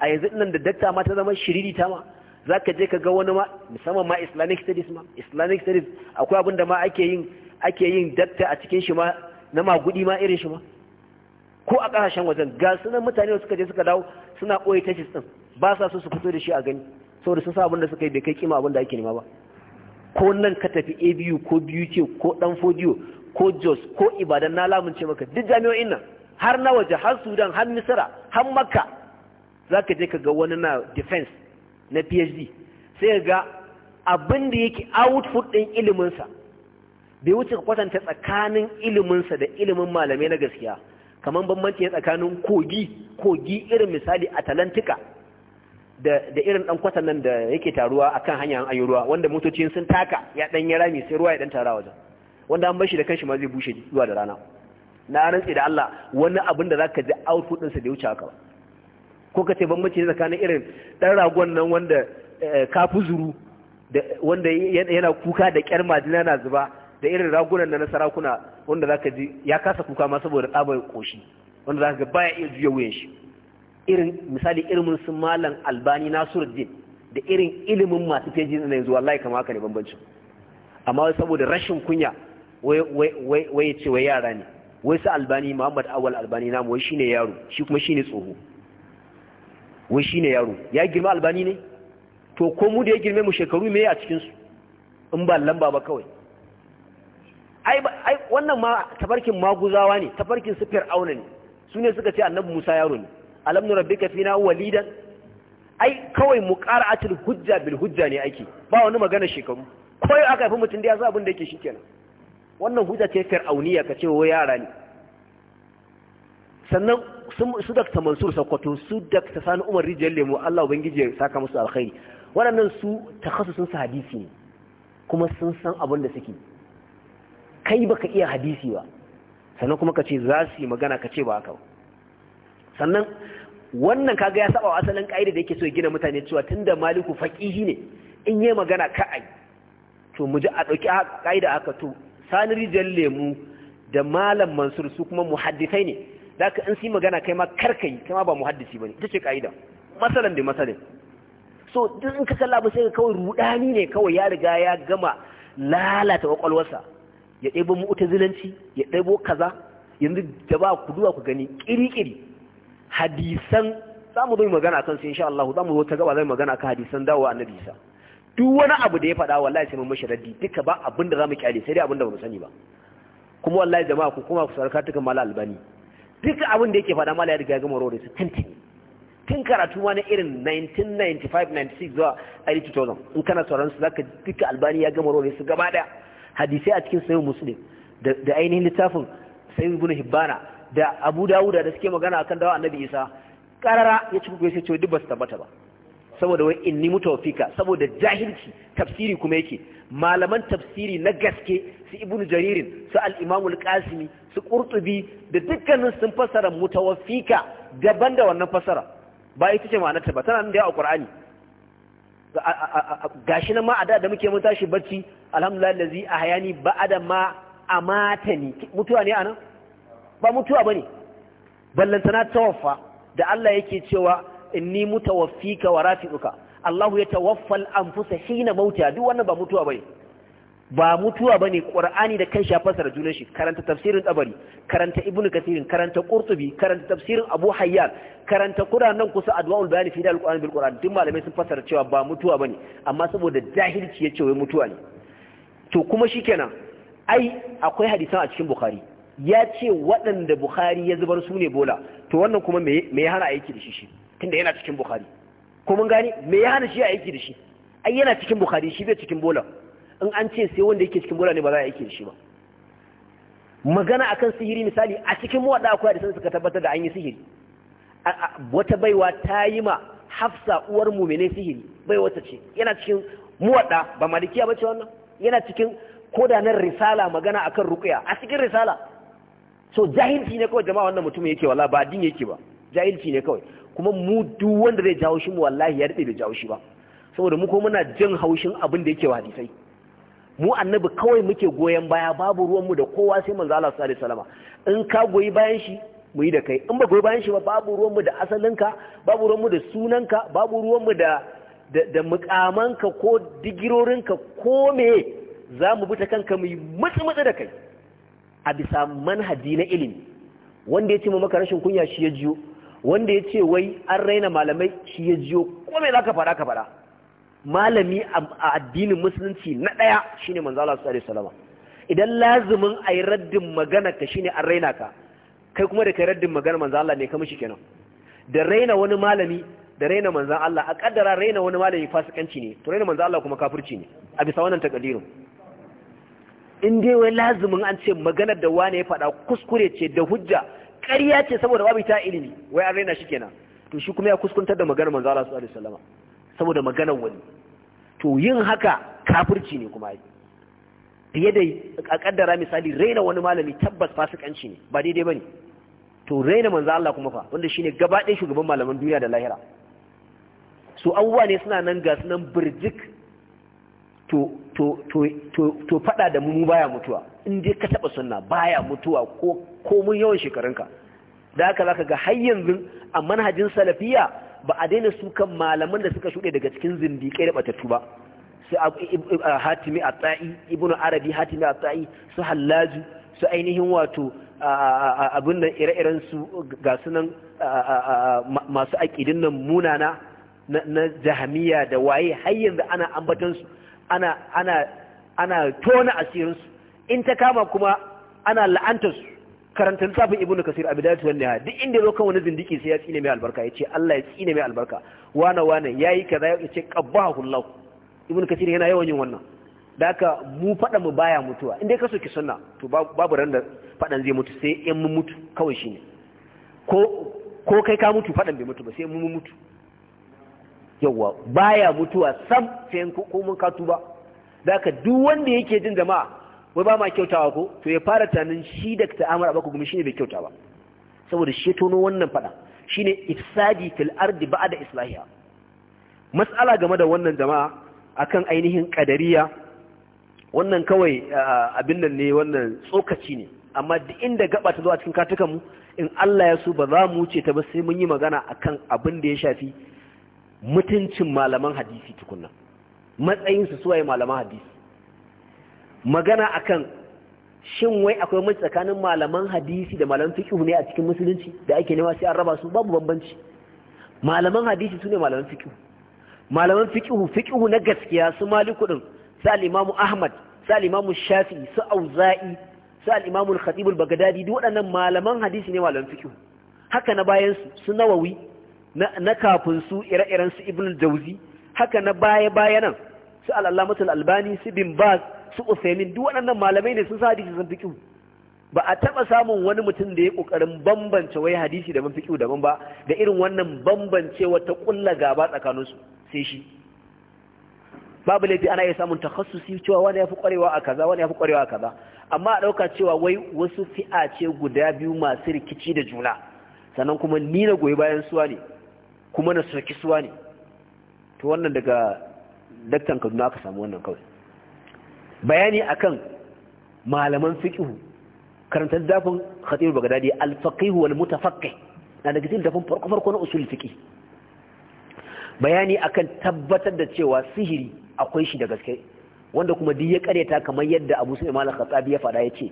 a yanzu nan da dakta ma ta zama shiriri ta ma zaka je ka ga wani ma musamman ma Islamic studies ma Islamic studies akwai abin da ma ake yin ake yin dakta a cikin shi ma na magudi ma irin shi ba ko a ƙasashen wajen ga sunan mutane da suka je suka dawo suna ɓoye tashis ɗin ba sa so su fito da shi a gani saboda sun sa abin da suka yi bai kai kima abin da ake nema ba ko nan ka tafi abu ko biyu ce ko ɗan fodiyo ko jos ko ibadan na lamunce maka duk jami'o'in nan har na waje har sudan har misira har makka za ka je ka ga wani na defense na phd sai ga abin da yake output ɗin iliminsa bai wuce ka kwatanta tsakanin iliminsa da ilimin malamai na gaskiya kamar bambanci ya tsakanin kogi kogi irin misali atalantika da, da irin dan kwatan nan da yake taruwa akan hanyar ayi ruwa wanda motoci sun taka ya dan ya rami sai ruwa ya dan tara wajen wanda an bar shi da kanshi ma zai bushe zuwa da rana na rantsi da Allah wani abin da zaka ji output sa da ya wuce haka ko ka ce bambanci ne tsakanin irin dan ragon nan wanda eh, kafu zuru wanda yana kuka da kyar majina na zuba da irin ragunan da na sarakuna wanda zaka ji ya kasa kuka ma saboda tsabar koshi wanda zaka ga baya iya juya wuyan shi irin misali ilimin su malam albani nasiruddin da irin ilimin masu feji na yanzu wallahi kama haka ne bambancin amma saboda rashin kunya wai ce wai yara ne wai su albani muhammad awal albani namu wai shine yaro shi kuma shine tsoho wai shine yaro ya girma albani ne to ko mu da ya girme mu shekaru me a cikin su in ba lamba ba kawai ai wannan ma tafarkin maguzawa ne tafarkin su fir'auna ne su ne suka ce annabi musa yaro ne alam rabbika fina walidan ai kawai muqara'atul hujja bil hujja ne ake ba wani magana shekaru ko yau aka yi mutum da ya san abin da yake shikenan wannan hujja ce fir'auniya ka ce wa yara ne sannan su dakta mansur sakwato su dakta sani umar rijiyar lemu allah ubangiji ya saka musu alkhairi waɗannan su takhasusun su hadisi ne kuma sun san abin da suke kai baka iya hadisi ba sannan kuma ka ce za su yi magana ka ce ba haka sannan wannan kaga ya saba wasannin asalin ka'ida da yake so ya gina mutane cewa tun da maliku faƙihi ne in yi magana ka ai to mu ji a ɗauki ka'ida haka to saniri jan lemu da malam mansur su kuma muhaddisai ne da ka in su yi magana kai ma karkai kai ma ba muhaddisi ba ne ita ce ka'ida masalan da masalan so duk in ka kalla ba sai ka kawai rudani ne kawai ya riga ya gama lalata kwakwalwarsa ya ɗebo zilanci, ya ɗebo kaza yanzu da ba ku duwa ku gani kirikiri hadisan za mu yi magana kan su insha Allah za mu zo ta gaba zai magana kan hadisan dawowa na Isa duk wani abu da ya faɗa wallahi sai mun mashi raddi duka ba abin da za mu kyale sai dai abin da ba mu sani ba kuma wallahi jama'a ku kuma ku sarka tukan mala albani duka abin da yake faɗa mala ya riga gama rawar su tantini tun karatu ma na irin 1995 96 zuwa 2000 in kana sauran su zaka duka albani ya gama rore su gaba daya hadisai a cikin sayin muslim da ainihin littafin sayin ibn hibbana da abu dawuda da suke magana akan dawa annabi isa karara ya ci kuka sai cewa duk ba su tabbata ba saboda wai inni mutawfika saboda jahilci tafsiri kuma yake malaman tafsiri na gaske su ibn jaririn su al kasimi qasimi su qurtubi da dukkanin sun fassara mutawaffika daban da wannan fassara ba ita ce ma'anar ta ba tana nan da a qur'ani gashi nan ma a da muke mun tashi barci alhamdulillah lazi a hayani ba adam ma a ne mutuwa ne anan ba mutuwa bane ballantana tawaffa da Allah yake cewa inni mutawaffika wa rafi'uka Allah ya tawaffal anfusa hina mauta duk wannan ba mutuwa bane ba mutuwa bane qur'ani da kan sha fasara junan shi karanta tafsirin tabari karanta ibnu kasirin karanta qurtubi karanta tafsirin abu Hayyar, karanta kuran nan kusa adwaul bayani fi dal qur'an bil qur'an duk malamai sun fasara cewa ba mutuwa ba ne. amma saboda jahilci yace wai mutuwa ne to kuma shikenan ai akwai hadisan a cikin bukhari ya ce waɗanda bukhari ya zubar su ne bola to wannan kuma me ya hana aiki da shi shi tunda yana cikin bukhari ko mun gane me ya hana shi aiki da shi ai yana cikin bukhari shi bai cikin bola in an ce sai wanda yake cikin birane ba za a yake da shi ba magana akan sihiri misali a cikin muwadda akwai da sun suka tabbatar da an yi sihiri wata baiwa ta yi ma hafsa uwar mumene sihiri bai wata ce yana cikin muwadda ba malikiya ba ce wannan yana cikin kodanar risala magana akan ruqya a cikin risala so jahilci ne kawai jama'a wannan mutum yake wallahi ba din yake ba jahilci ne kawai kuma mu duk wanda zai jawo shi mu wallahi ya dade bai jawo shi ba saboda mu ko muna jin haushin abin da yake wa hadisai mu annabi kawai muke goyon baya babu ruwanmu da kowa sai manzo Allah sallallahu alaihi wasallam in ka goyi bayan shi mu yi da kai in ba goyi bayan shi ba babu ruwanmu da asalinka babu ruwanmu da sunanka babu ruwanmu da da, da mukamanka ko digirorinka ko me za mu bi ta kanka mu yi mutsi da kai a bisa manhaji na ilimi wanda ya ce mu maka rashin kunya shi ya jiyo wanda ya ce wai an raina malamai shi ya jiyo ko me za ka faɗa ka faɗa malami a addinin musulunci na ɗaya shine Manzala su sallallahu alaihi salama idan lazumin a yi raddin magana ka shine an raina ka kai kuma da kai raddin magana Manzala Allah ne ka mishi kenan da raina wani malami da raina manzan Allah a kaddara raina wani malami fasikanci ne to raina manzan Allah kuma kafirci ne a bisa wannan takadirin in dai wai lazumin an ce maganar da wane ya faɗa kuskure ce da hujja ƙarya ce saboda babu ta ilimi wai an raina shi kenan to shi kuma ya kuskuntar da magana Manzala Allah sallallahu alaihi wasallam saboda maganar wani to yin haka kafirci ne kuma yi fiye da a kaddara misali raina wani malami tabbas fasikanci ne ba daidai ba ne. to raina manza Allah kuma fa wanda shine gaba ɗaya shugaban malaman duniya da lahira so abubuwa ne suna nan ga sunan birjik to to fada da mu baya mutuwa in dai ka taba sunna baya mutuwa ko ko mun yawan shekarunka da haka zaka ga har yanzu a manhajin salafiya ba a daina sukan malaman da suka shuɗe daga cikin zindiƙai da batattu ba su uh, hatimi a tsa'i ibnu arabi hatimi a tsa'i su hallaju su ainihin wato abin nan ire-iren su ga sunan masu aƙidin nan munana na jahamiya da waye har yanzu ana ambatansu ana tona asirinsu in ta kama kuma ana la'antarsu karanta littafin ibnu kasir abidatu wan nihaya duk inda zo kan wani zindiki sai ya tsine mai albarka yace Allah ya tsine mai albarka wana wana yayi kaza yace qabbahu Allah ibnu kasir yana yawan yin wannan da haka mu fada mu baya mutuwa inda ka soki sunna to babu ran da fadan zai mutu sai in mun mutu kawai shine ko ko kai ka mutu fadan bai mutu ba sai mun mutu yawa baya mutuwa sam sai ko mun ka tuba da haka duk wanda yake jin jama'a wai ba ma kyautawa ko to ya fara tunanin shi da ta amara ba ku gumi shine bai kyauta ba saboda shi tono wannan fada shine ifsadi fil ardi ba'da islahiha mas'ala game da wannan jama'a akan ainihin kadariya wannan kawai ah, abin nan ne wannan tsokaci ne amma duk inda gaba ta zo a cikin katukan mu in Allah ya so ba za mu wuce ta ba sai mun yi magana akan abin da ya shafi mutuncin malaman hadisi tukunna matsayin su suwaye malaman hadisi magana akan shin wai akwai mace tsakanin malaman hadisi da malaman fiqh ne a cikin musulunci da ake nema sai an raba su babu bambanci malaman hadisi sune malaman fiqh malaman fiqh fiqh na gaskiya su maliku din su al-imamu ahmad su al-imamu shafi'i su auza'i su al-imamu al-khatib al-baghdadi duk waɗannan malaman hadisi ne malaman fiqh haka na bayan su su nawawi na kafin su ire-iren su ibn jawzi haka na baya bayanan su al-allamatul albani su bin su usaimin duk waɗannan malamai ne sun sa hadisi sun fiƙi ba a taɓa samun wani mutum da ya ƙoƙarin bambance wai hadisi daban fiƙi daban ba da irin wannan bambance ta ƙulla gaba tsakaninsu sai shi babu laifi ana iya samun takhassusi cewa wani ya fi ƙwarewa a kaza wani ya fi ƙwarewa a kaza amma a ɗauka cewa wai wasu fi'a ce guda biyu masu rikici da juna sannan kuma ni na goyi bayan suwa ne kuma na soki suwa ne to wannan daga daktan kaduna aka samu wannan kawai bayani akan malaman fiqh karanta dafin khatib bagdadi al-faqih wal mutafaqqih na daga cikin dafin farko farko na usul fiqh bayani akan tabbatar da cewa sihiri akwai shi da gaske wanda kuma duk ya kareta kamar yadda Abu Sulaiman al-Khattabi ya fada yace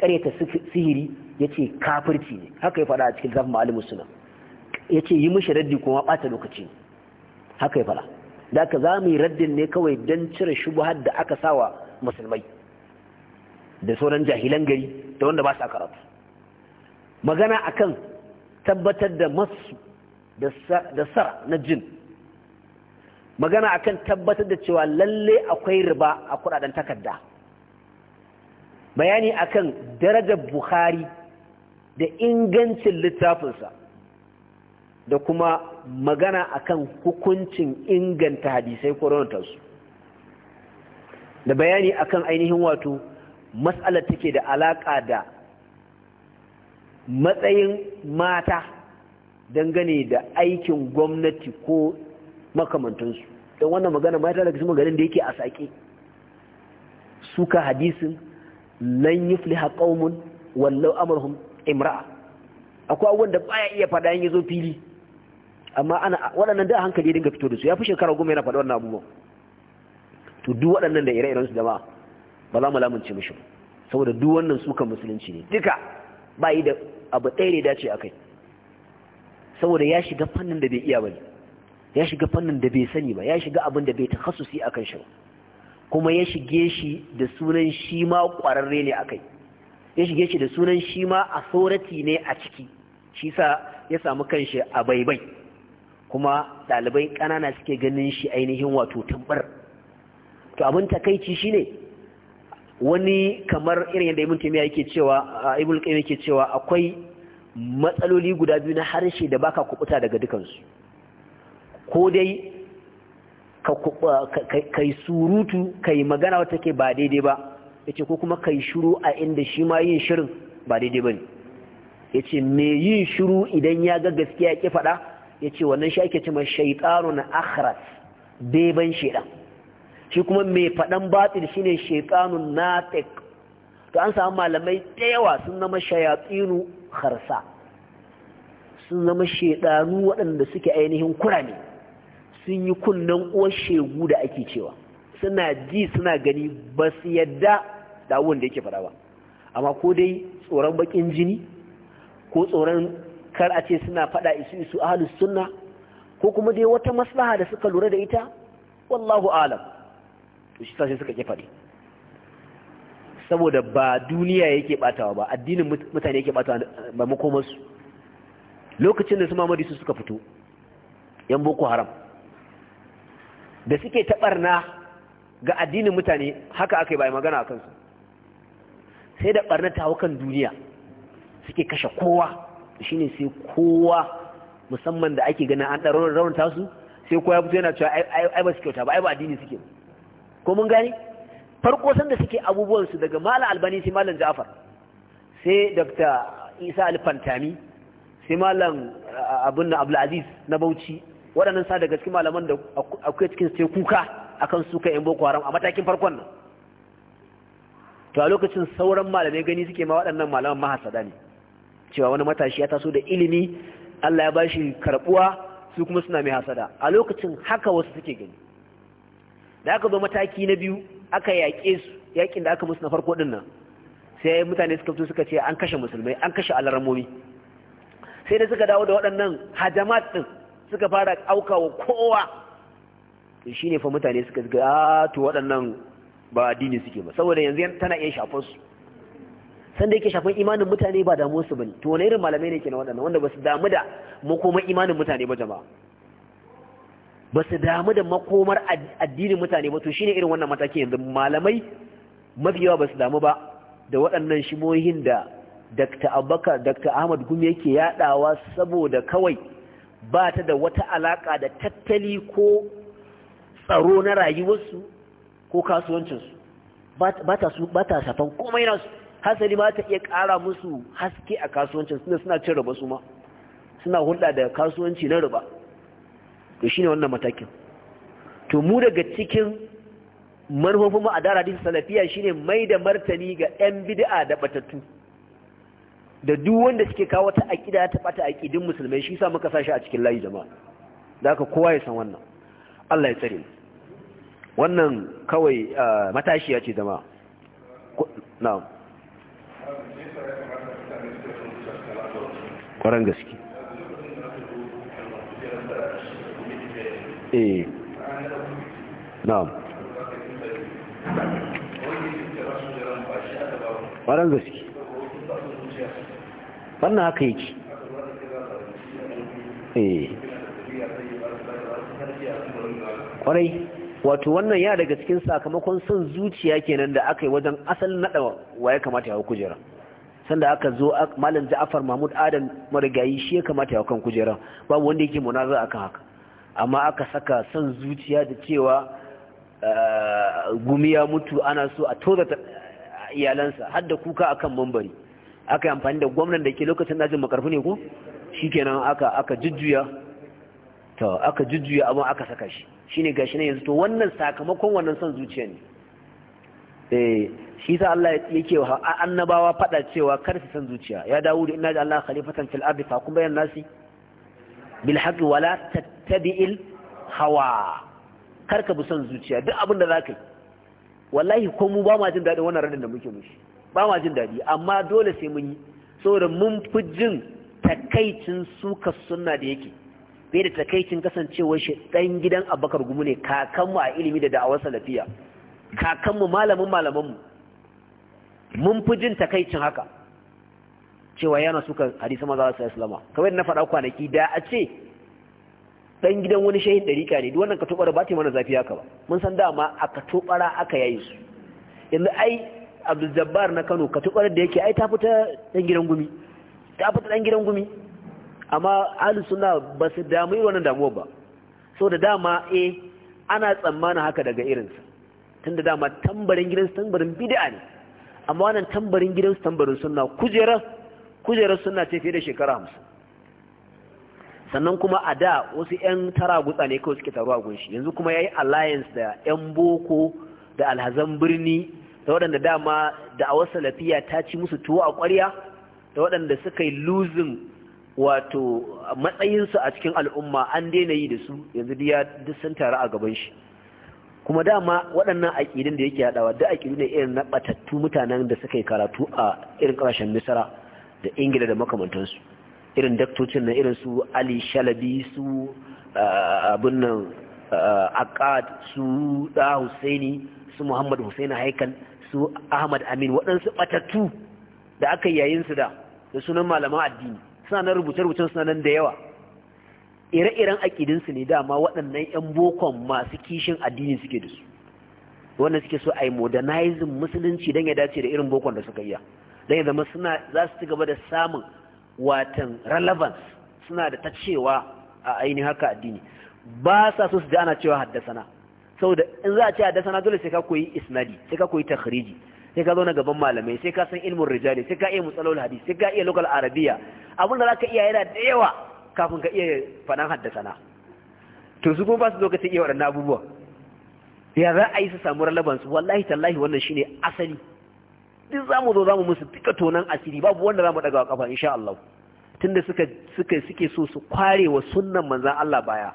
kareta sihiri yace kafirci ne haka ya faɗa a cikin zafin ma'alimus sunna yace yi mishi raddi kuma bata lokaci haka ya faɗa da ka za yi raddin ne kawai don cire shubuhar da aka sawa musulmai da sauran jahilan gari da wanda ba sa karatu magana akan tabbatar da masu da sara na jin magana akan tabbatar da cewa lalle akwai riba a kudaden takarda bayani akan darajar bukhari da ingancin littafinsa da kuma magana akan hukuncin inganta hadisai ko da bayani akan ainihin wato matsalar take da alaƙa da matsayin mata dangane da aikin gwamnati ko makamantansu don wannan magana mata daga cikin maganin da yake a saƙe suka hadisin lan yufliha qaumun wallau amurhum imra'a akwai abubuwan da baya iya faɗa yin yazo fili amma ana waɗannan da hankali dinga fito da su ya fi shekara goma yana faɗa wannan abubuwan to duk waɗannan da ire su jama'a ba za mu lamunce mushi ba saboda duk wannan sukan musulunci ne duka ba yi da abu ɗaya ne dace a kai saboda ya shiga fannin da bai iya ba ya shiga fannin da bai sani ba ya shiga abin da bai takhasusi akan shi kuma ya shige shi da sunan shi ma ƙwararre ne akai ya shige shi da sunan shi ma authority ne a ciki shi sa ya samu kanshi a baibai kuma ɗalibai ƙanana suke ganin shi ainihin wato tambar to abin takaici shine wani kamar irin yadda ibn taymiya yake cewa ibn qayyim yake cewa akwai matsaloli guda biyu na harshe da baka kubuta daga dukansu ko dai ka kai surutu kai magana wata ke ba daidai ba yace ko kuma kai shiru a inda shi ma yin shirin ba daidai bane yace me yin shiru idan ya ga gaskiya ya ki faɗa yace wannan shi ake cewa shaytanun akhras beban shedan shi kuma mai faɗan shi shine shekanun natik to an samu malamai da yawa sun zama shayatsinu harsa sun zama shaidanu waɗanda suke ainihin kurame sun yi kunnen uwar shegu da ake cewa suna ji suna gani ba su yadda da wanda yake faɗa ba amma ko dai tsoron bakin jini ko tsoron kar a ce suna faɗa isu isu ahalus sunna ko kuma dai wata maslaha da suka lura da ita wallahu alam to shi sai suka kefa saboda ba duniya yake batawa ba addinin mutane yake batawa ba makomarsu lokacin da su mamadi su suka fito yan boko haram da suke taɓarna ga addinin mutane haka aka yi bai magana a kansu sai da ɓarna ta kan duniya suke kashe kowa shi ne sai kowa musamman da ake ganin an ɗarar raunta su sai kowa ya fito yana cewa ai ba su kyauta ba ai ba addini suke ba ko mun gani farko san da suke abubuwan su daga malam albani sai malam ja'far sai dr isa alfantami sai malam abun na abdulaziz na bauchi waɗannan sa daga cikin malaman da akwai cikin sai kuka akan su kai boko haram a matakin farkon nan to a lokacin sauran malamai gani suke ma waɗannan malaman mahasada ne cewa wani matashi ya taso da ilimi Allah ya bashi karbuwa su kuma suna mai hasada a lokacin haka wasu suke gani da aka zo mataki na biyu aka yaƙe su yaƙin da aka musu na farko ɗin nan sai mutane suka fito suka ce an kashe musulmai an kashe alaramomi sai da suka dawo da waɗannan hajamat ɗin suka fara aukawa kowa shi shine fa mutane suka ga to waɗannan ba addini suke ba saboda yanzu tana iya shafar su san da yake shafin imanin mutane ba damuwar su bane to wani irin malamai ne ke na waɗannan wanda ba su damu da makoma imanin mutane ba jama'a ba su damu da makomar addinin mutane ba to shine irin wannan mataki yanzu malamai mafi yawa ba su damu ba da waɗannan shimohin da Dr. Abubakar Dr. Ahmad Gumi yake yaɗawa saboda kawai ba ta da wata alaka da tattali ko tsaro na rayuwarsu ko kasuwancinsu ba ta su ba ta safan komai nasu hasali ba ta iya ƙara musu haske a kasuwancin suna cin raba su ma suna hulɗa da kasuwanci na raba. to shine wannan matakin to mu daga cikin manhofin mu a dara din salafiya shine mai da martani ga yan bid'a da batattu da duk wanda suke kawo ta aqida ta bata aqidin musulmai shi yasa muka sashi a cikin layi jama'a da ka kowa ya san wannan Allah ya tsare wannan kawai ah, matashiya ce jama'a na'am ƙwarar gaske eh na'am ƙwarar gaske wannan haka yake eh ƙwarai wato wannan ya daga cikin sakamakon son zuciya kenan da aka yi wajen asalin naɗa wa ya kamata ya kujera sanda aka zo malam ja'afar mahmud adam marigayi shi ya kamata ya kan kujera babu wanda yake munaza akan haka amma aka saka son zuciya da cewa eh, gumi ya mutu ana so a tozata eh, iyalansa har da kuka akan mambari aka yi amfani da gwamnan da ke lokacin dajin makarfi ne ko shikenan aka aka jujjuya ta aka jujjuya amma aka saka shi shine gashi ne yanzu to wannan sakamakon wannan son zuciya ne eh shi sa Allah yake annabawa fada cewa kar su san zuciya ya dawo da inna Allah khalifatan fil ardi fa kun bayan nasi bil haqqi wala tattabi'il hawa karka bi son zuciya duk abin da zaka yi wallahi ko mu ba ma jin daɗin wannan radin da muke mushi ba ma jin daɗi amma dole sai mun yi saboda mun fi jin takaicin suka sunna da yake bai da takaicin kasancewar shi ɗan gidan abakar gumu ne kakanmu a ilimi da da'awar salafiya kakanmu malamin malamanmu mun fi jin takaicin haka cewa yana sukan hadisa maza sallallahu alaihi wasallam Kawai na faɗa kwanaki da a ce Ɗan gidan wani shahin dariƙa ne duk wannan katobara ba ta mana zafi haka ba mun san dama a katobara aka yayi su yanzu ai Abdul Jabbar na Kano katobarar da yake ai ta fita ɗan gidan gumi ta fita ɗan gidan gumi amma ahlus sunna ba su damu wannan damuwa ba da dama e ana tsammanin haka daga irinsa tunda dama tambarin gidansu tambarin bid'a ne amma wannan tambarin gidansu tambarin sunna kujerar kujerar suna ce fiye da shekara hamsin sannan kuma a da wasu 'yan tara gutsa ne kawai suke taruwa gunshi yanzu kuma ya yi alliance da 'yan boko da alhazan birni da waɗanda dama da a wasu lafiya ta ci musu tuwo a ƙwarya da waɗanda suka yi luzin wato matsayinsu a cikin al'umma an daina yi da su yanzu biya duk sun taru a gaban shi kuma dama waɗannan aƙidin da yake haɗawa duk aƙidu ne irin na ɓatattu mutanen da suka yi karatu a irin ƙarshen misra da ingila da makamantansu irin daktocin na irin su ali shalabi su abin nan akad su da husaini su muhammad husaini haikal su ahmad amin waɗansu ɓatattu da aka yayin su da da sunan malaman addini suna nan rubuce-rubucen suna nan da yawa ire-iren akidinsu ne dama waɗannan 'yan bokon masu kishin addini suke da su wannan suke so a yi modernizing musulunci don ya dace da irin bokon da suka iya zai zama suna za su ci gaba da samun watan relevance suna da ta cewa a ainihin haka addini ba sa so su ji ana cewa haddasana da in za a ce haddasana dole sai ka koyi isnadi sai ka koyi takhriji sai ka zo na gaban malamai sai ka san ilmin rijali sai ka iya matsalolin hadisi sai ka iya lokal arabiya abin da za ka iya yana da yawa kafin ka iya faɗan haddasana to su kuma ba su lokacin iya waɗannan abubuwa ya za a yi su samu relevance wallahi tallahi wannan shine asali duk mu zo za mu musu duka tonan asiri babu wanda za zamu daga kafa insha Allah tunda suka suka suke so su kware wa sunnan manzon Allah baya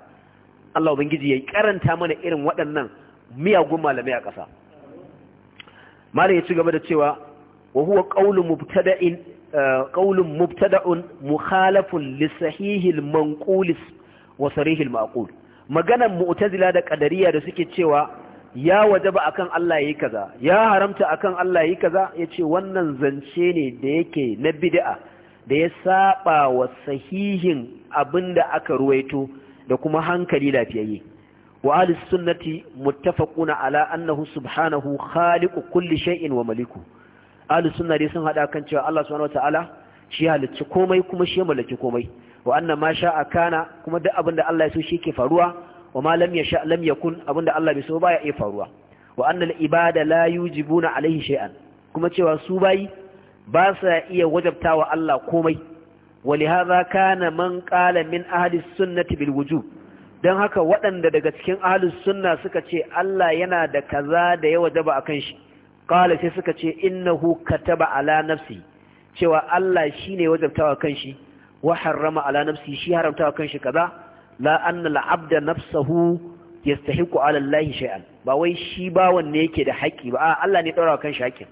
Allah ubangiji ya karanta mana irin waɗannan miyagun malamai a ƙasa malam ya ci gaba da cewa wa huwa qaulun mubtada'in eh, qaulun mubtada'un mukhalafun li sahihil manqulis wa sarihil maqul maganan mu'tazila da qadariya da suke cewa ya wajaba akan Allah yi kaza ya haramta akan Allah yi kaza ya ce wannan zance ne da yake na bid'a da ya saba wa sahihin abinda aka ruwaito da kuma hankali lafiyayye wa ahli sunnati muttafaquna ala annahu subhanahu khaliqu kulli shay'in wa maliku ahli sunna dai sun hada kan cewa Allah subhanahu wataala shi halicci komai kuma shi mallaki komai wa anna ma kana kuma duk abinda Allah ya so shi ke faruwa wa ma lam yasha lam yakun abinda Allah bai so baya iya faruwa wa annal ibada la yujibuna alaihi shay'an kuma cewa su bayi ba sa iya wajabtawa Allah komai ولهذا man من ahli من أهل السنة بالوجوب don haka waɗanda daga cikin ahli sunna suka ce Allah yana da kaza da ya wajaba akan shi qala sai suka ce innahu kataba ala nafsi cewa Allah shine wajabtawa kan shi wa harrama ala nafsi shi haramtawa kan kaza la anna al'abda nafsahu yastahiqu 'ala Allah shay'an ba wai shi bawan ne yake da haƙi ba Allah ne daura kan shi haƙin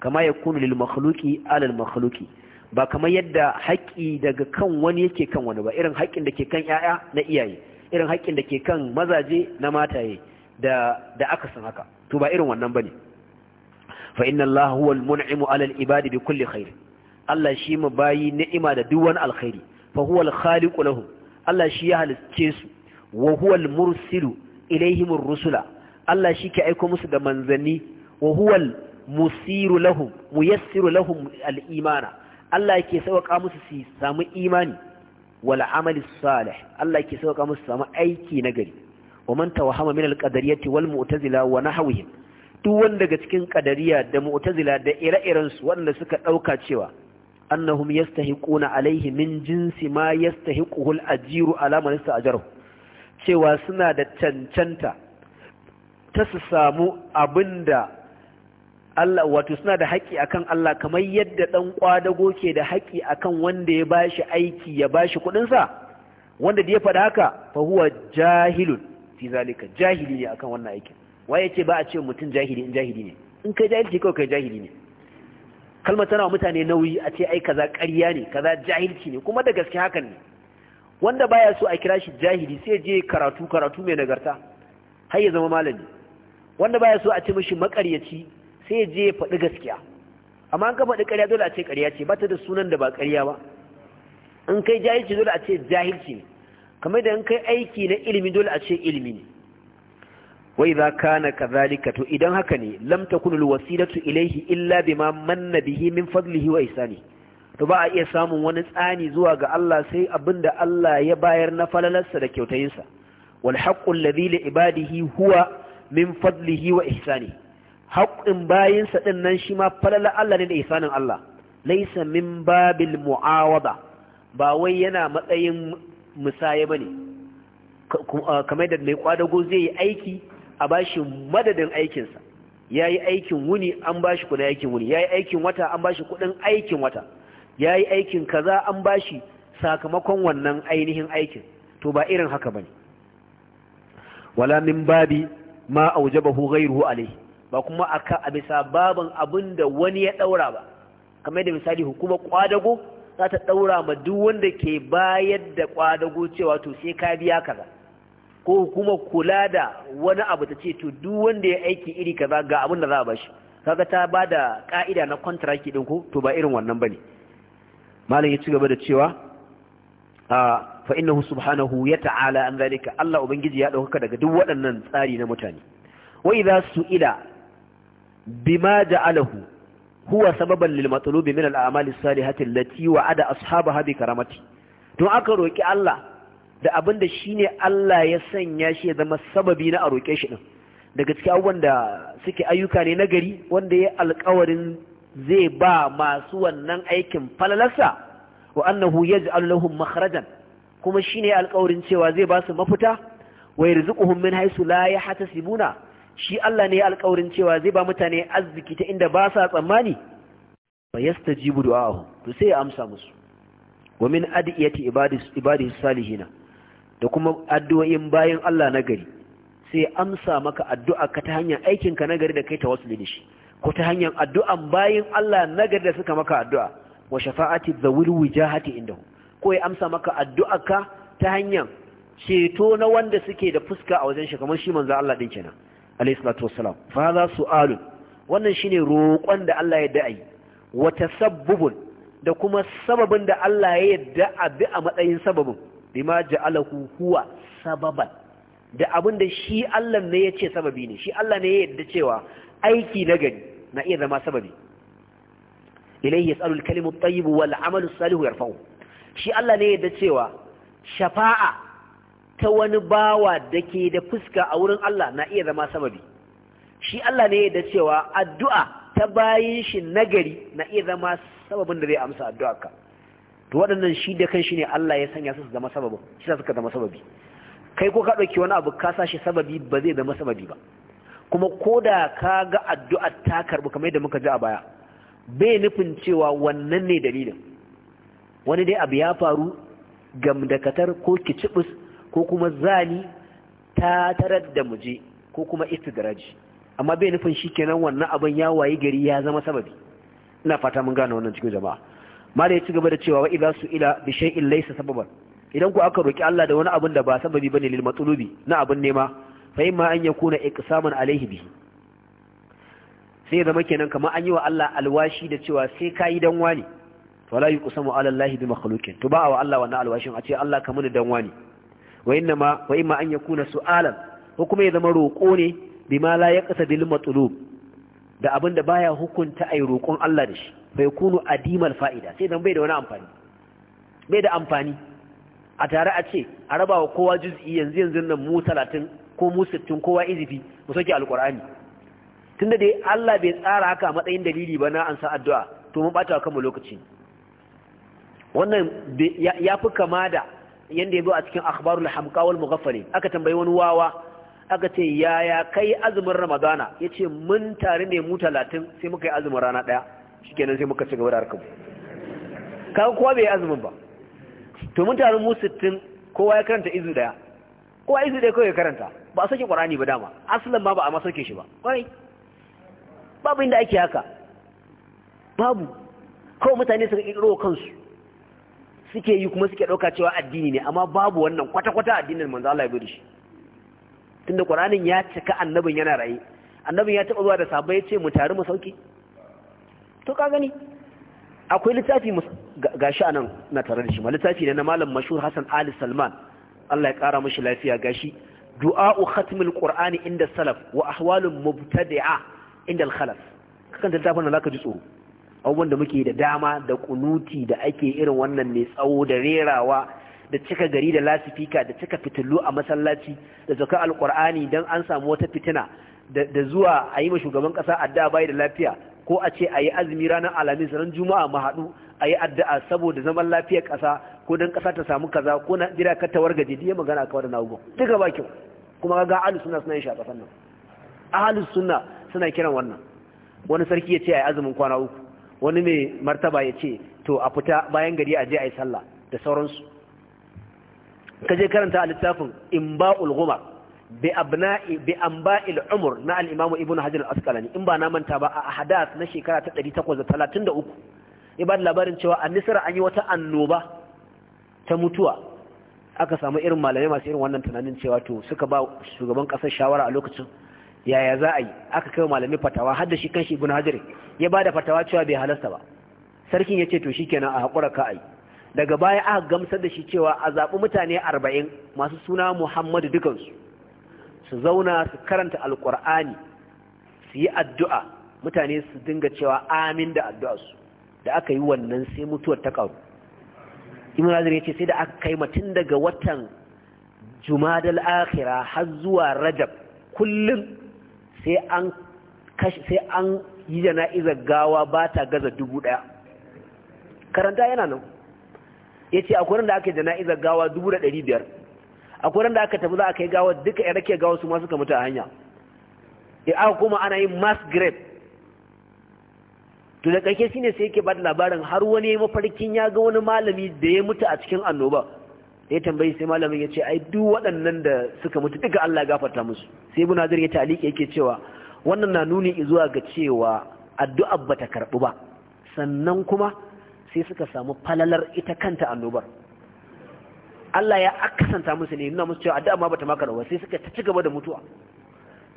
kama yakunu lil makhluqi 'ala al makhluqi ba kamar yadda haƙi daga kan wani yake kan wani ba irin haƙin da ke kan 'ya'ya na iyaye irin haƙin da ke kan mazaje na mataye da da aka san haka to ba irin wannan bane fa inna Allah huwa al-mun'imu 'ala al-ibadi bi kulli khair Allah shi mu bayi ni'ima da duk wani alkhairi fa huwa al-khaliqu lahum Allah shi ya halicce su wa huwal mursilu ilaihim rusula Allah shi ke aiko musu da manzanni wa huwal musiru lahum muyassiru lahum al-imana Allah ke sauka musu su samu imani wal amali salih Allah ke sauka musu samu aiki nagari wa man tawahama min al qadariyyati wal mu'tazila wa nahwihim duk wanda daga cikin qadariya da mu'tazila da ire-iren su wanda suka dauka cewa annahum yastahiquna alaihi min jinsi ma yastahiquhu al-ajiru ala man ista'jarahu cewa suna da cancanta ta su samu abinda Allah wato suna da haƙi akan Allah kamar yadda dan kwadago ke da haƙi akan wanda ya bashi aiki ya bashi kuɗin sa wanda da ya faɗa haka fa huwa jahilun fi zalika jahili ne akan wannan aikin waye ce ba a ce mutum jahili in jahili ne in kai jahili kai kai jahili ne kalmar tana wa mutane nauyi a ce ai kaza ƙarya ne kaza jahilci ne kuma da gaske hakan ne wanda baya so a kira shi jahili sai je karatu karatu mai nagarta har ya zama malami wanda baya so a ce mishi makaryaci sai je ya faɗi gaskiya amma an ka faɗi ƙarya dole a ce ƙarya ce ba ta da sunan da ba ƙarya ba in kai jahilci dole a ce jahilci ne kamar da in kai aiki na ilimi dole a ce ilimi ne wai za na kazalika to idan haka ne lam kunu, wasilatu ilaihi illa bima manna bihi min fadlihi wa ihsani to ba a iya samun wani tsani zuwa ga Allah sai abinda Allah ya bayar na falalarsa da kyautayinsa wal haqqu alladhi li ibadihi huwa min fadlihi wa ihsani haqqin bayinsa din nan shi ma falalar Allah ne da ihsanin Allah laysa min babil muawada ba wai yana matsayin musaya bane ah, kamar da mai kwadago zai yi aiki a bashi madadin aikinsa ya yi aikin wuni an bashi kudin aikin wuni ya yi aikin wata an bashi kudin aikin wata ya yi aikin kaza an bashi sakamakon wannan ainihin aikin to ba irin haka ba ne wala min babi ma aujabahu ghairuhu alai. ba kuma aka a bisa baban da wani ya daura ba kamar da misali hukuma kwadago za ta daura ma duk wanda ke bayar da kwadago cewa to sai ka biya kaza ko kuma kula da wani abu ta ce to duk wanda ya aiki iri kaza ga abin da za a bashi kaga ta ba da ka'ida na contract din ko to ba irin wannan bane malam ya ci gaba da cewa fa innahu subhanahu ya ta'ala an zalika Allah ubangiji ya dauka daga duk waɗannan tsari na mutane wa idza su'ila bima ja'alahu huwa sababan lil matlubi min al a'mali salihati allati wa'ada ashabaha bi karamati to aka roki Allah da abin da shi ne Allah ya sanya shi ya zama sababi na a roƙe shi ɗin daga cikin abubuwan da suke ayyuka ne na gari wanda ya alƙawarin zai ba masu wannan aikin falalarsa wa annahu ji allahun makhrajan kuma shi ne alƙawarin cewa zai ba su mafita wa yarzuquhum min haisu la ya hata sibuna shi Allah ne alƙawarin cewa zai ba mutane arziki ta inda ba sa tsammani budu yastajibu to sai ya amsa musu wa min adiyati ta ibadis salihina da kuma addu'o'in bayan Allah na gari sai amsa maka addu'a ka ta hanyar aikinka na gari da kai ta wasu shi ko ta hanyar addu'an bayan Allah na gari da suka maka addu'a wa shafa'ati dhawil wijahati indahu ko ya amsa maka addu'a ka ta hanyar ceto na wanda suke da fuska a wajen shi kamar shi manzo Allah din kenan alayhi salatu wassalam fa hadha wannan shine roƙon da Allah ya da'ai wa tasabbubun da kuma sababin da Allah ya yadda a bi a matsayin sababin bima ja'alahu huwa sababan da abin da shi Allah ne ya ce sababi ne shi Allah ne ya yarda cewa aiki na gani na iya zama sababi ilayhi yasalu al-kalimu at-tayyib wal 'amalu as-salihu yarfa'u shi Allah ne ya yarda cewa shafa'a ta wani bawa da ke da fuska a wurin Allah na iya zama sababi shi Allah ne ya yarda cewa addu'a ta bayin shi nagari na iya zama sababin da zai amsa addu'a ka to waɗannan shi da kan shi ne Allah ya sanya su su zama sababin shi suka zama sababi kai ko ka ɗauki wani abu ka sashi sababi ba zai zama sababi ba kuma ko da ka ga addu'a ta karɓi kamar yadda muka ji a baya bai nufin cewa wannan ne dalilin wani dai abu ya faru dakatar ko kicibis ko kuma zali ta tarar da muje ko kuma istidraji amma bai nufin shi kenan wannan abin ya wayi gari ya zama sababi ina fata mun gane wannan cikin jama'a mala ya ci gaba da cewa wa su ila bi shay'in laysa sababan idan ku aka roki Allah da wani abin da ba sababi bane lil matlubi na abin nema fa imma an yakuna iqsaman alaihi bi sai zama kenan kamar an yi wa Allah alwashi da cewa sai kayi dan wani wala yuqsamu ala Allah bi makhluqin to ba wa Allah wannan alwashin a ce Allah ka muni dan wani wa inna ma wa imma an yakuna su'alan ko kuma ya zama roƙo ne bima la yaqsa bil matlub da abin da baya hukunta ai roƙon Allah da shi bai kunu adimal fa'ida sai dan bai da wani amfani bai da amfani a tare a ce a raba wa kowa juz'i yanzu yanzu nan mu 30 ko mu 60 kowa izifi mu soke alqur'ani tunda dai Allah bai tsara haka a matsayin dalili ba na an sa addu'a to mun bata kanmu lokaci wannan ya fi kama da yanda ya zo a cikin akhbarul hamqa wal mughaffalin aka tambayi wani wawa aka ce yaya kai azumin ramadana yace mun tare ne mu talatin sai muka yi azumin rana daya shikenan sai muka ci gaba da harkar kaga kowa bai azumin ba to mun taru mu 60 kowa ya karanta izu daya kowa izu daya kawai ya karanta ba a sake qur'ani ba dama aslan ma ba a ma sake shi ba kai babu inda ake haka babu kawai mutane suka kirkiro kansu suke yi kuma suke dauka cewa addini ne amma babu wannan kwata-kwata addinin manzo Allah ya bi shi tunda qur'anin ya cika annabin yana raye annabin ya taba zuwa da sahabbai ya ce mu tare mu sauki to ka gani akwai littafi ga gashi anan na tare da shi ma littafi ne na malam mashhur Hassan Ali Salman Allah ya kara mashi lafiya gashi du'a'u khatmil qur'ani inda salaf wa ahwalul mubtadi'a inda al-khalaf kakan littafin nan zaka ji tsoro abubuwan da muke da dama da kunuti da ake irin wannan mai tsawo da rerawa da cika gari da lasifika da cika fitilu a masallaci da zaka alqur'ani dan an samu wata fitina da zuwa a yi ma shugaban kasa adda bai da lafiya ko a ce a yi azumi ranar alamis ran juma'a mu haɗu a yi addu'a saboda zaman lafiyar ƙasa ko don ƙasa ta samu kaza ko na jira ka tawar gaje diya magana kawar da nawo duka ba kyau kuma ga ahlus sunna suna yin shi a ƙasar nan suna kiran wannan wani sarki ya ce a yi azumin kwana uku wani mai martaba ya ce to a fita bayan gari a je a yi sallah da sauransu ka je karanta a littafin imba'ul ghumar bi abna'i bi umur na al-imamu ibnu hajar al in ba na manta ba a hadath na shekara ta 833 ibad labarin cewa a nisra an yi wata annoba ta mutuwa aka samu irin malamai masu irin wannan tunanin cewa to suka ba shugaban kasar shawara a lokacin yaya za a yi aka kai malamai fatawa har da shi kanshi ibnu hajar ya bada fatawa cewa bai halasta ba sarkin ya ce to shi shikenan a hakura ka ai daga baya aka gamsar da shi cewa a zaɓi mutane arba'in masu suna muhammadu dukansu su zauna su karanta alkur'ani su yi addu'a mutane su dinga cewa amin da addu'arsu da aka yi wannan sai mutuwar ta ƙaru ibn hazir ya ce sai da aka kai mutum daga watan jumadal akhira har zuwa rajab kullum sai an sai an yi jana'izar gawa ba ta gaza dubu ɗaya karanta yana nan ya ce akwai da aka yi jana'izar gawa dubu da ɗari biyar A ran da aka tafi za a kai gawa duka ya rake gawa su ma suka mutu a hanya ya e, aka kuma ana yin mass grave to da kake ne sai yake bada labarin har wani mafarkin ya ga wani malami da ya mutu a cikin annoba ya tambayi sai malamin ya ce ai duk waɗannan da suka mutu duka Allah gafarta musu sai ibn Hazir ya taliƙe yake cewa wannan na nuni zuwa ga cewa addu'a bata karɓu ba sannan kuma sai suka samu falalar ita kanta annobar Allah ya akasanta musu ne nuna musu cewa addu'a ma bata maka rawa sai suka ci gaba da mutuwa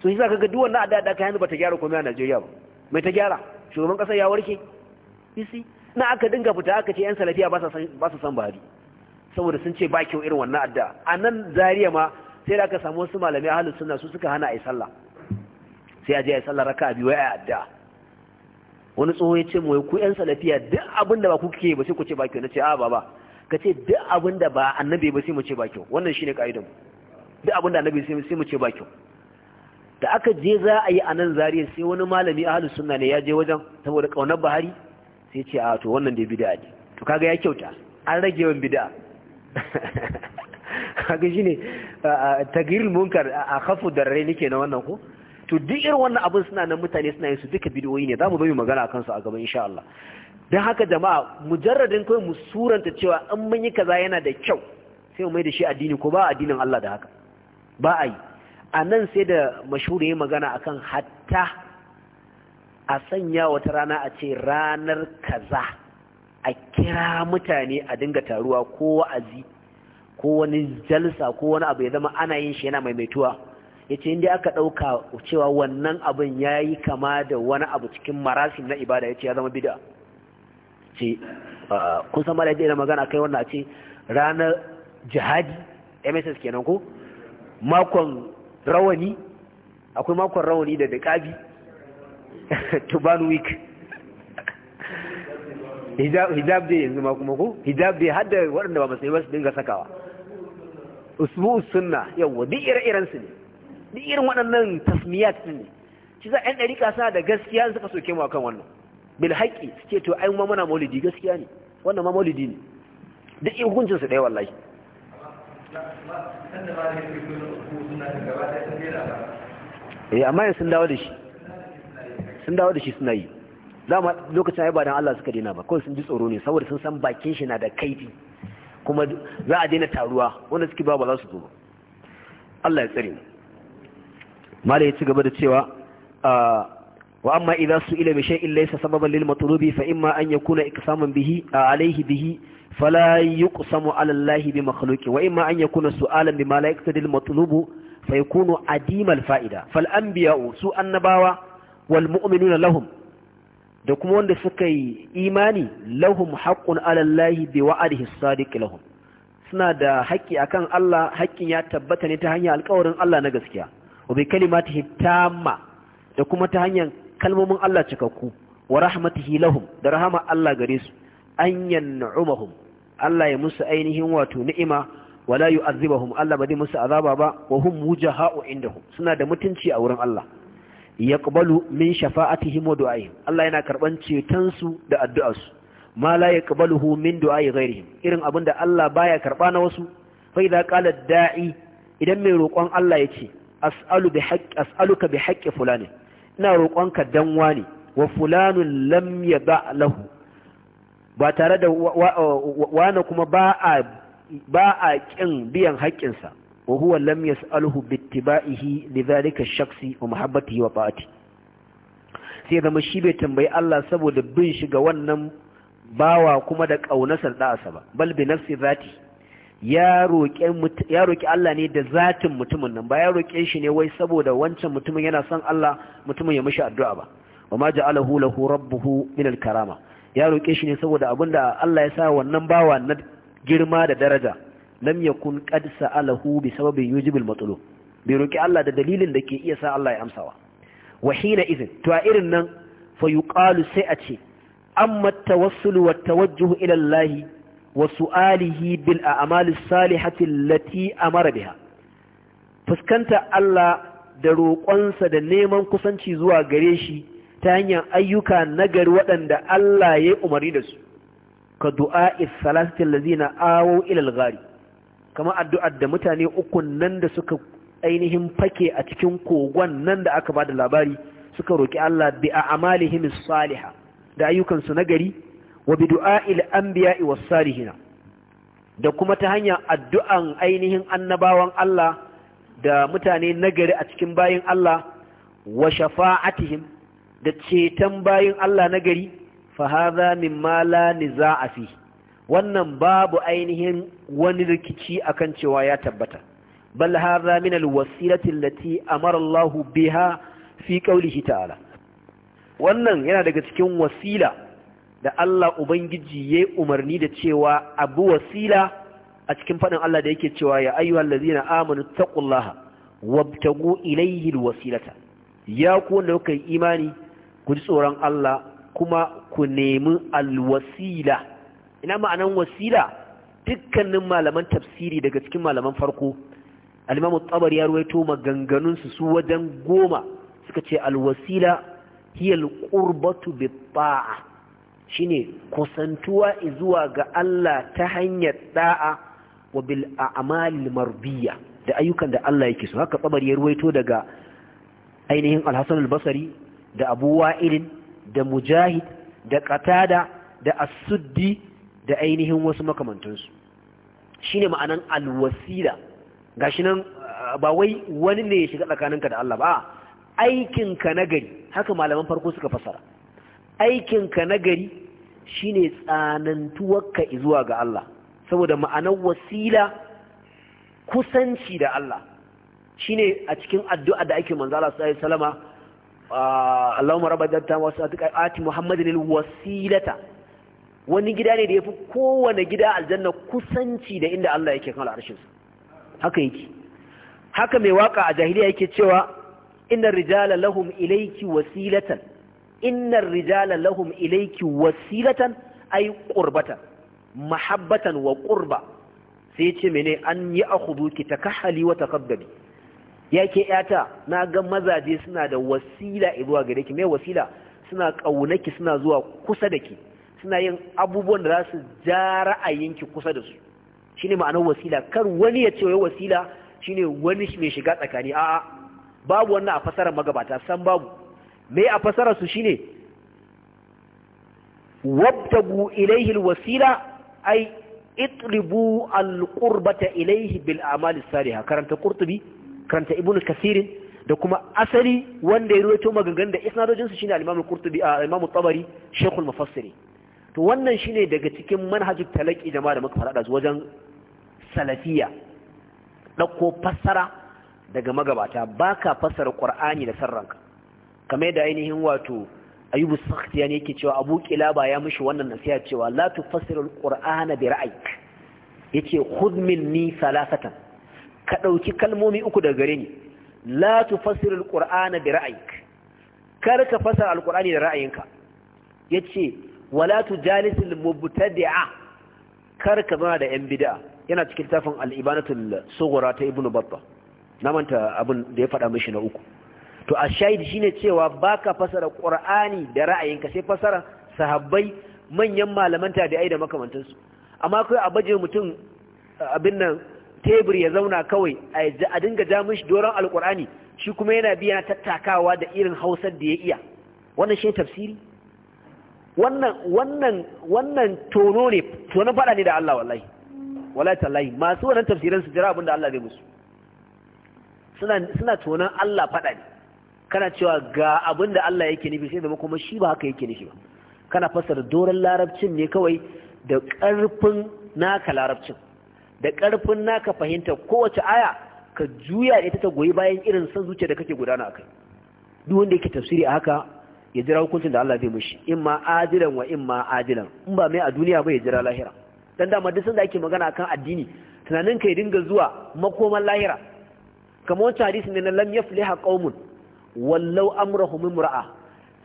so yasa ga duk wannan addu'a da ka yanzu bata gyara komai a Najeriya ba mai ta gyara shugaban kasar ya warke isi na aka dinga fita aka ce yan salafiya ba sa san ba sa san Buhari saboda sun ce ba kyau irin wannan addu'a a nan Zariya ma sai da aka samu wasu malamai ahlus sunna su suka hana ai sallah sai a je ai sallah raka'a biyu ai addu'a wani tsoho ya ce mu ku yan salafiya duk abin da ba ku kike ba sai ku ce ba kyau ce a ba. ka ce duk abin da ba annabi ba sai mu ce ba kyau wannan shine kaidan duk abin da annabi sai mu ce ba kyau da aka je za a yi a nan zariya sai wani malami halin sunna ne ya je wajen saboda kaunar Buhari sai ce a to wannan da bid'a ne to kaga ya kyauta an rage yawan bid'a *laughs* kaga shine tagirul munkar a khafu darre nake na wannan ko to duk irin wannan abin suna nan mutane suna yin su duka bidiyoyi ne mu bai magana a kansu a gaba insha Allah don haka jama'a mujarradin kawai mu suranta cewa an mun yi kaza yana da kyau sai mu mai da shi addini ko ba addinin Allah da haka ba a yi a nan sai da mashuri ya magana akan hatta a sanya wata rana a ce ranar kaza a kira mutane a dinga taruwa ko wa'azi ko wani jalsa ko wani abu ya zama ana yin shi yana maimaituwa ya ce inda aka ɗauka cewa wannan abin ya yi kama da wani abu cikin marasin na ibada ya ce ya zama bida ce kun san malai da magana kai wannan a ce ranar jihadi mss kenan ko makon rawani akwai makon rawani da dakabi *laughs* tuban week *laughs* hijab dai yanzu ma kuma ko hijab dai hadda waɗanda ba musulmi ba su dinga sakawa usbu sunna yawa duk ire-iren su ne duk irin waɗannan tasmiyat ne shi za ɗan dariƙa suna da gaskiya suka soke mu akan wannan bil haƙi suke to ai ma muna maulidi gaskiya ne wannan ma maulidi ne duk iya hukuncin su ɗaya wallahi eh amma sun dawo da shi sun dawo da shi suna yi dama lokacin ai ba dan Allah suka dena ba kawai sun ji tsoro ne saboda sun san bakin shi na da kaifi kuma za a daina taruwa wanda suke ba ba za su zo Allah ya tsare mu mala ya ci gaba da cewa ah, وأما إذا سئل بشيء ليس سببا للمطلوب فإما أن يكون إقساما به عليه به فلا يقسم على الله بمخلوق وإما أن يكون سؤالا بما لا يقتضي المطلوب فيكون عديم الفائدة فالأنبياء سوء النباوة والمؤمنون لهم da kuma wanda suka yi imani lahum haƙƙun ala bi wa'adihi sadiq lahum suna da haƙƙi akan Allah haƙƙin ya tabbata ne ta hanyar alƙawarin Allah na gaskiya wa bi kalimatihi tamma da kuma ta hanyar kalmomin Allah cikakku wa rahmatihi lahum da rahama Allah gare su an yan'umahum Allah ya musu ainihin wato ni'ima wala yu'azzibahum Allah ba zai musu azaba ba wa hum wujaha'u indahum suna da mutunci a wurin Allah yaqbalu min shafa'atihim wa du'a'ihim Allah yana karban ceton su da su ma la yaqbaluhu min du'a'i ghairihim irin abinda Allah baya karba na wasu fa idza qala da'i idan mai roƙon Allah yace as'alu bi as'aluka bi haqqi fulani ina roƙonka dan wani wa fulanun lam ba lahu ba tare da wani kuma ba a ƙin biyan haƙƙinsa wa huwa lam yas'aluhu bittiba'ihi zalika shaksi wa muhabbati wa ta'ati sai zama shi bai tambayi Allah saboda bin shi ga wannan bawa kuma da ƙaunasar da'asa ba bal bi nafsi zati ya roƙi Allah ne da zatin mutumin nan ba ya roƙe shi ne wai saboda wancan mutumin yana son Allah mutumin ya mishi addu'a ba wa ma ja'alahu lahu rabbuhu min karama ya roƙe shi ne saboda abinda Allah ya sa wannan bawa na girma da daraja ya kun qad sa'alahu bi sababin yujibul matlub bai roƙi Allah da dalilin da ke iya sa Allah ya amsawa wa hina idhin to a irin nan fa yuqalu sai a ce amma tawassulu wa tawajjuhu ila Allah wa su'alihi bil a'malis salihati allati mara biha fuskanta Allah da roƙonsa da neman kusanci zuwa gare shi ta hanyar ayyuka nagari waɗanda Allah ya yi umarni da su ka du'a isalatin lazina awo ilal gari kama addu'ar da mutane uku nan da suka ainihin fake a cikin kogon nan da aka ba da labari suka roƙi Allah bi a amalihim saliha da ayyukansu nagari wa bi il anbiya'i was salihina da kuma ta hanyar addu'an ainihin annabawan Allah da mutane nagari a cikin bayin Allah wa shafa'atihim da ceton bayin Allah nagari fa hadha mimma la niza'a fi wannan babu ainihin wani rikici akan cewa ya tabbata bal hadha min alwasilati allati amara Allah biha fi qawlihi ta'ala wannan yana daga cikin wasila da Allah Ubangiji ya umarni da cewa abu wasila a cikin faɗin Allah da yake cewa ya ayyuhal ladzina amanu taqullaha wabtagu ilayhi alwasilata ya ku wanda kuka yi imani ku ji tsoron Allah kuma ku nemi alwasila ina ma'anan wasila dukkanin malaman tafsiri daga cikin malaman farko al-Imam ya ruwaito maganganun su wajen goma suka ce alwasila hiya alqurbatu bi ba'a. shine kusantuwa zuwa ga Allah ta hanyar da'a wa bil a'malil marbiya da ayyukan da Allah yake so haka tsabar ya ruwaito daga ainihin al-Hasan da Abu Wa'il da Mujahid da Qatada da As-Suddi da ainihin wasu makamantansu shine ma'anan al-wasila gashi nan uh, ba wai wani ne ya shiga tsakaninka da Allah ba aikinka na gari haka malaman farko suka fasara aikinka na gari shine tsanantuwarka zuwa ga Allah saboda ma'anar wasila kusanci da Allah shine a cikin addu'a da ake manzo Allah sallallahu alaihi ah, Allahumma Allahumma rabba wasu a ati Muhammadin alwasilata wani gida ne da yafi kowane gida aljanna kusanci da inda Allah yake kan al'arshin haka yake haka mai waka a jahiliya yake cewa inna rijala lahum ilayki wasilatan innan rijala lahum ilayki wasilatan ay qurbatan mahabbatan wa qurba sai ce mene an yi akhuduki takahali wa takabbabi yake yata na ga mazaje suna da wasila zuwa gare ki me wasila suna ƙaunaki suna zuwa kusa da ki suna yin abubuwan da za su ja ra'ayinki kusa da su shine ma'ana wasila kar wani ya ce wai wasila shine wani mai shiga tsakani a'a babu wannan a fasarar magabata san babu Mai a fasarar su shine wabtagu ilaihi alwasila ay itlibu alqurbata ilaihi bil a'mali saliha karanta qurtubi karanta ibnu kasir da kuma asali wanda ya ruwaito maganganun da isnadojin su shine al-imam al-qurtubi al-imam tabari al-mufassir to wannan shine daga cikin manhajul talaqi jama'a da muka fara wajen salafiya ɗauko fassara daga magabata baka ka fassara da sarranka kamar da ainihin wato ayyubu ne yake cewa abu ba ya mishi wannan nasiha cewa la tufassirul qur'ana bi ra'ayk yace khudh minni salasatan ka dauki kalmomi uku daga gare ni la tufassirul qur'ana bi ra'ayk kar ka fasar alqur'ani da ra'ayinka yace wala tujalisul mubtadi'a kar ka zama da yan bid'a yana cikin tafin al-ibanatul sughra ta ibnu battah na manta abin da ya faɗa mishi na uku to a shahid shine cewa baka fasara qur'ani da ra'ayinka sai fasara sahabbai manyan malaman ta da makamantansu amma kai a baje mutum abin nan tebur ya zauna kawai a dinga ja mishi doron alqur'ani shi kuma yana biya tattakawa da irin hausar da ya iya wannan shi tafsiri wannan wannan wannan tono ne tono fada ne da Allah wallahi wallahi tallahi masu wannan tafsirin su jira abin da Allah zai musu suna suna tonon Allah fada ne kana cewa ga abin da Allah yake nufi sai zama kuma shi ba haka yake nufi ba kana fasar doron larabcin ne kawai da ƙarfin naka larabcin da ƙarfin naka fahimta kowace aya ka juya ita ta goyi bayan irin san zuciya da kake gudana akai duk wanda yake tafsiri a haka ya jira hukuncin da Allah zai mishi in ma adilan wa in ma adilan in ba mai a duniya ba ya jira lahira dan dama duk sanda ake magana akan addini tunanin ka ya dinga zuwa makoman lahira kamar wancan hadisin ne na lam yafliha qaumun wallau amrahum Mura'a,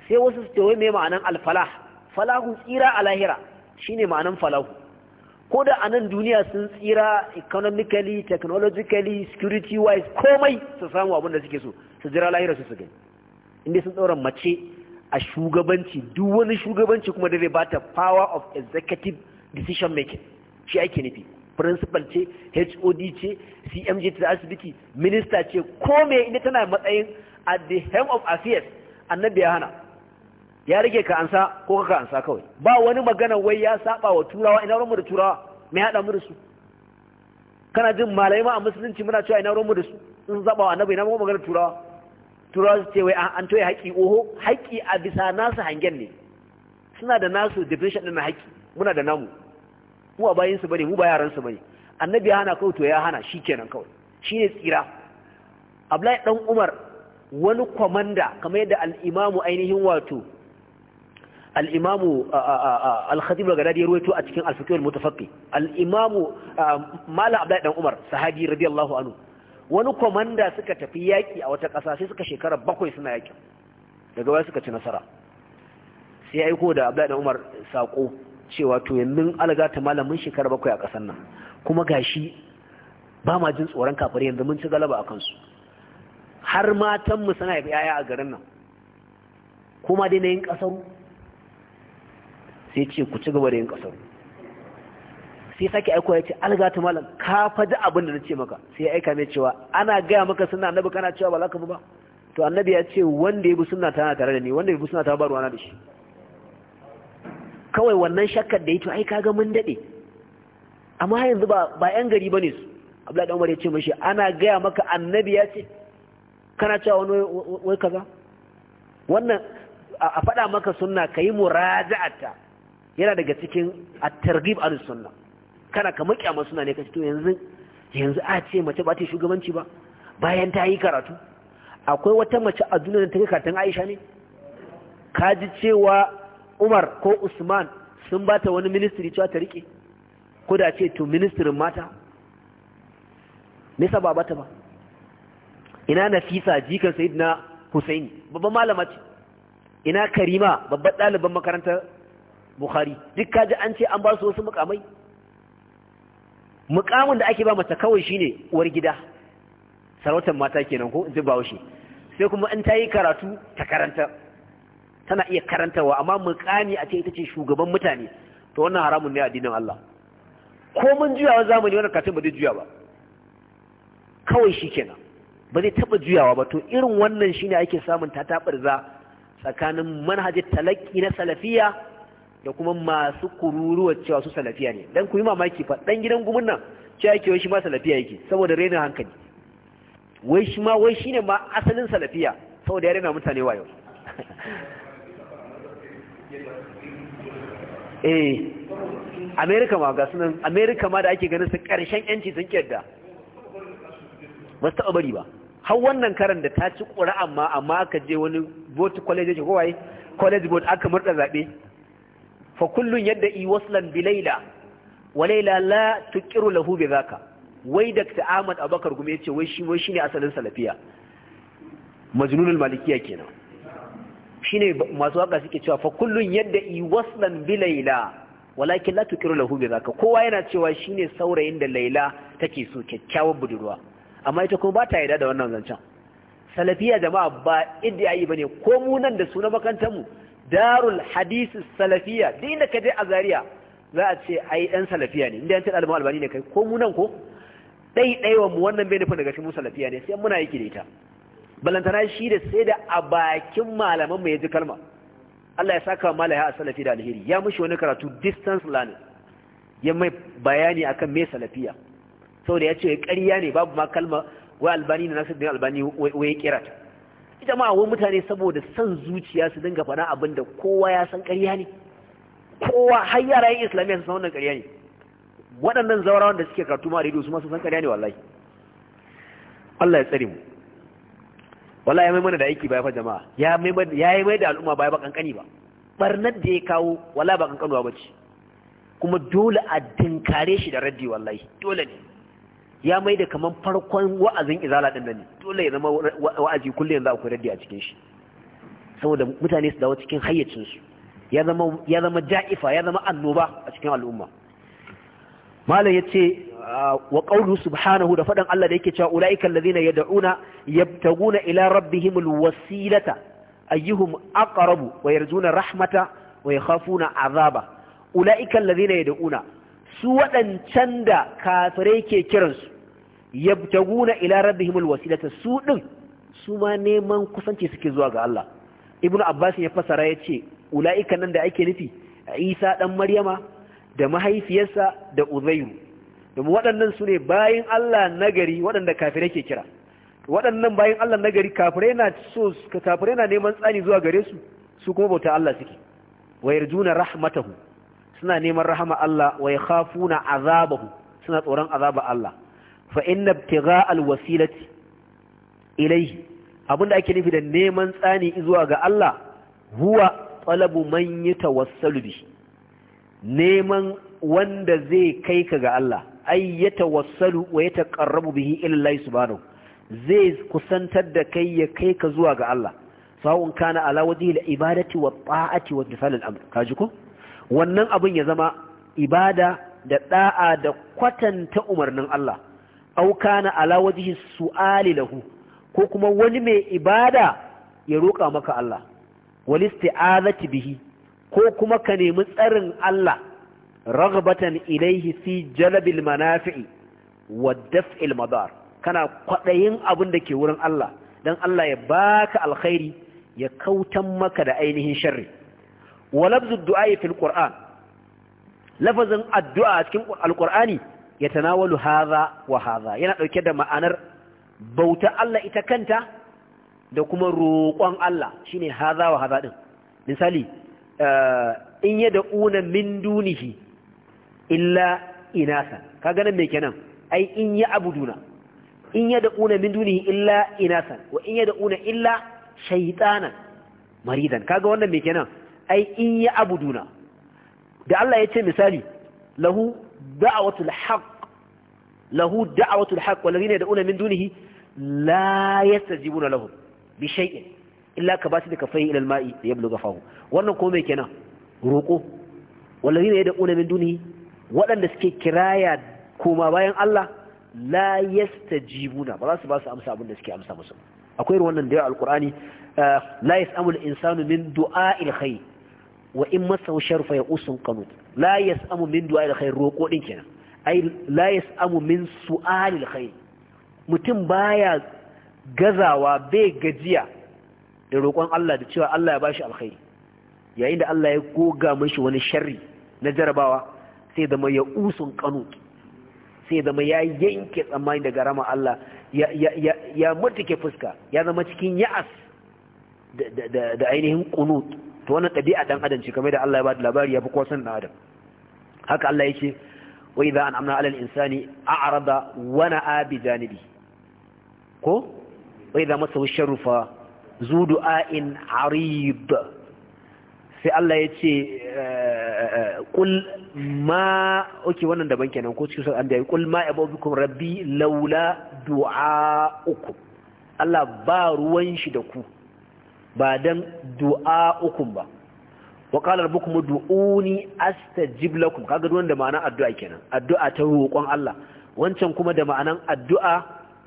sai wasu su tawaye mai ma'anan alfalah falahu tsira a lahira ne ma'anan falahu ko da anan duniya sun tsira economically technologically security wise komai su samu abin da suke so su jira lahira su su gani inda sun tsoron mace a shugabanci duk wani shugabanci kuma da zai ba ta power of executive decision making shi ake nufi principal ce hod ce cmj ta asibiti minista ce ko me inda tana matsayin at the helm of affairs annabi ya hana ya rage ka ansa ko ka ansa kawai ba wani magana wai ya saba wa turawa ina ruwan mu da turawa me hada mu da su kana jin malai ma a musulunci muna cewa ina ruwan mu da su sun zaba wa annabi ina mu magana turawa turawa su ce wai an toye haƙi oho haƙi a bisa nasu hangen ne suna da nasu definition din haƙi muna da namu mu a bayin su bane mu ba yaran su bane annabi ya hana kawai to ya hana shikenan kawai shine tsira Abdullahi dan Umar wani kwamanda kamar yadda al'imamu ainihin wato al'imamu al-khatib al dadi ya ruwaito a cikin alfikiyar fiqhul al’imamu mala abdullahi dan umar sahabi radiyallahu anhu wani kwamanda suka tafi yaƙi a wata ƙasa sai suka shekara bakwai suna yaƙi daga baya suka ci nasara sai ya aiko da abdullahi dan umar saƙo cewa to yanzu alaga ta malamin shekara bakwai a ƙasar nan kuma gashi ba ma jin tsoron kafari yanzu mun ci galaba a kansu har matanmu suna haifi yaya a garin nan kuma dai na yin ƙasaru sai ce ku ci gaba da yin ƙasaru sai sake aiko ya ce alga ta malam ka faɗi abin da na ce maka sai ya aika mai cewa ana gaya maka suna annabi kana cewa ba za ka ba to annabi ya ce wanda ya bi suna tana tare da ni wanda ya bi suna ta ba ruwana da shi kawai wannan shakkar da ya to ai kaga mun daɗe amma yanzu ba ba yan gari ne su Abdullahi Umar ya ce mashi ana gaya maka annabi ya ce kana cewa wani wai kaza wannan a faɗa maka sunna ka yi muraja'ata yana daga cikin at-targhib al sunna kana ka amma sunna ne kace to yanzu yanzu a ce mace ba ta shugabanci ba bayan ta yi karatu akwai wata mace a duniya da ta kai Aisha ne ka ji cewa Umar ko Usman sun ba ta wani ministry cewa ta rike ko da ce to ministrin mata me yasa ba bata ba ina nafisa jikan sayyidina husaini babban malama ce ina karima babban ɗaliban makarantar bukhari duk kaji an ce an ba su wasu mukamai mukamin da ake ba mata kawai shine uwar gida sarautar mata kenan ko duk washe sai kuma in ta yi karatu ta karanta tana iya karantawa amma mukami a ce ita ce shugaban mutane to wannan haramun ne addinin Allah ko mun juyawa zamani wannan katin ba zai juya ba kawai shi kenan ba zai taɓa juyawa ba to irin wannan shine ake samun ta za tsakanin manhajin talaki na salafiya da kuma masu kururuwa cewa su salafiya ne dan ku yi mamaki fa dan gidan gumin nan cewa yake wai shi ma salafiya yake saboda rainin hankali wai shi ma wai shine ma asalin salafiya saboda ya raina mutane wayo *laughs* eh america ma ga sunan america ma da ake ganin su karshen yanci sun kyarda ba su taɓa bari ba har wannan karan da ta ci ƙura'an ma amma aka je wani vote college ce kowaye college board aka murda zaɓe fa kullun yadda i waslan bi laila wa laila la tuqiru lahu bi zaka wai dr ahmad abubakar gume yace wai shi wai shine asalin salafiya majnunul malikiya kenan shine masu waka suke cewa fa kullun yadda i waslan bi laila walakin la tuqiru lahu bi zaka kowa yana cewa shine saurayin da laila take so kyakkyawar budurwa amma ita kuma ba ta yi da wannan zancen salafiya jama'a ba iddiyayi bane ko mu nan da suna makarantar mu darul hadisi salafiya duk inda ka je a zariya za a ce ai dan salafiya ne inda yan tada ne kai ko mu nan ko dai daiwa mu wannan bai nufin daga cikin mu salafiya ne sai muna yake da ita balantana shi da sai da a bakin malaman mu ya ji kalma Allah ya saka malaya a salafi da alheri ya mushi wani karatu distance learning ya mai bayani akan me salafiya saboda ya ce ƙarya ne babu ma kalma wai albani na din albani wai kira ta ita ma wani mutane saboda son zuciya su dinga faɗa abin da kowa ya san ƙarya ne kowa har yara islamiyya su san wannan ƙarya ne waɗannan zaura wanda suke karatu ma rediyo su ma su san ƙarya ne wallahi Allah ya tsare mu wallahi ya mai mana da aiki baya fa jama'a ya mai ya yi mai da al'umma baya ba kankani ba barnar da ya kawo wallahi ba kankanuwa bace kuma dole a dinkare shi da raddi wallahi dole ne ya mai da kaman farkon wa'azin izala din nan dole ya zama wa'azi kulle yanzu akwai raddi a cikin shi saboda mutane su dawo cikin hayyacin su ya zama ya zama ja'ifa ya zama annoba a cikin al'umma malam yace ah, wa qawlu subhanahu da fadan Allah da yake cewa ulaika allazina yad'una yabtaguna ila rabbihimul wasilata ayyuhum aqrabu wa yarjuna rahmata wa yakhafuna azaba ulaika ya yad'una su waɗancan da kafirai ke kiransu ya guna ila rabbihimul wasilata su ɗin su ma neman kusanci suke zuwa ga Allah ibnu abbas ya fasara ya ce ula'ika nan da ake nufi isa dan maryama da mahaifiyarsa da uzairu domin waɗannan su ne bayan Allah nagari waɗanda kafirai ke kira waɗannan bayan Allah nagari na so kafirai na neman tsani zuwa gare su su kuma bauta Allah suke wa yarjuna rahmatahu suna neman rahama Allah wa yakhafuna azabahu suna tsoron azaba Allah fa inna ibtigha alwasilati ilayhi abinda ake nufi da neman tsani zuwa ga Allah huwa talabu man yatawassalu bi neman wanda zai kai ka ga Allah ay yatawassalu wa yataqarrabu bihi ila Allah subhanahu zai kusantar da kai ya kai ka zuwa ga Allah sawun kana ala wajhi al-ibadati wa ta'ati wa tisal al-amr kaji ko wannan abin ya zama ibada da da'a da kwatanta umarnin Allah auka kana ala wajhi su'ali lahu ko kuma wani mai ibada ya roƙa maka Allah wal isti'azati bihi ko kuma ka nemi tsarin Allah ragbatan ilaihi fi jalbil manafi'i wa daf'il madar kana kwaɗayin abin da ke wurin Allah dan Allah ya baka alkhairi ya kautan maka da ainihin sharri wa du'a fil qur'an lafazin addu'a a cikin alqur'ani ya tanawalu hadha wa hadha yana dauke da ma'anar bauta Allah ita kanta da kuma roƙon Allah shine hadha wa hadha din misali eh, in yad'una min dunihi illa inasa ga nan me kenan ai in ya abuduna in yad'una min dunihi illa inasan wa in yad'una illa shaytanan maridan kaga wannan me kenan ai in ya abuduna da Allah ya ce misali lahu da'awatul haqq lahu da'awatul haqq walladhina da'una min dunihi la yastajibuna lahum bi shay'in illa ka basu da kafai ila al-ma'i da yablugha fahu wannan ko me kenan roko walladhina da'una min dunihi waɗanda suke kiraya koma bayan Allah la yastajibuna ba za su ba su amsa abin da suke amsa musu akwai wannan da yawa alqur'ani eh, la yasamul insanu min du'a'il khair wa in masau sharfa ya usun kanu la yasamu min du'a khair roko din kenan ai la yasamu min su'al khair mutum baya gazawa bai gajiya da roƙon Allah da cewa Allah ya bashi alkhairi yayin da Allah ya goga mashi wani sharri na jarabawa sai da mai ya usun kanu sai da zama ya yanke tsammani daga rama Allah ya mutuke fuska ya zama cikin ya'as da ainihin kunut to wannan ɗabi'a dan adam ce kamar da Allah ya bada labari ya fi kowa sanin adam haka Allah yake wa idza amna 'ala al-insani a'rada wa na'a bi janibi ko wa idza masa ash-sharru fa zu du'a'in 'arid sai Allah ya kul eh, ma oke wannan daban kenan ko cikin sura an da kul ma yabukum rabbi laula du'a'ukum Allah ba ruwan shi da ku ba dan du'a ukun ba wa qala rabbukum du'uni astajib lakum kaga duwan da ma'anar addu'a kenan addu'a ta roƙon Allah wancan kuma da ma'anar addu'a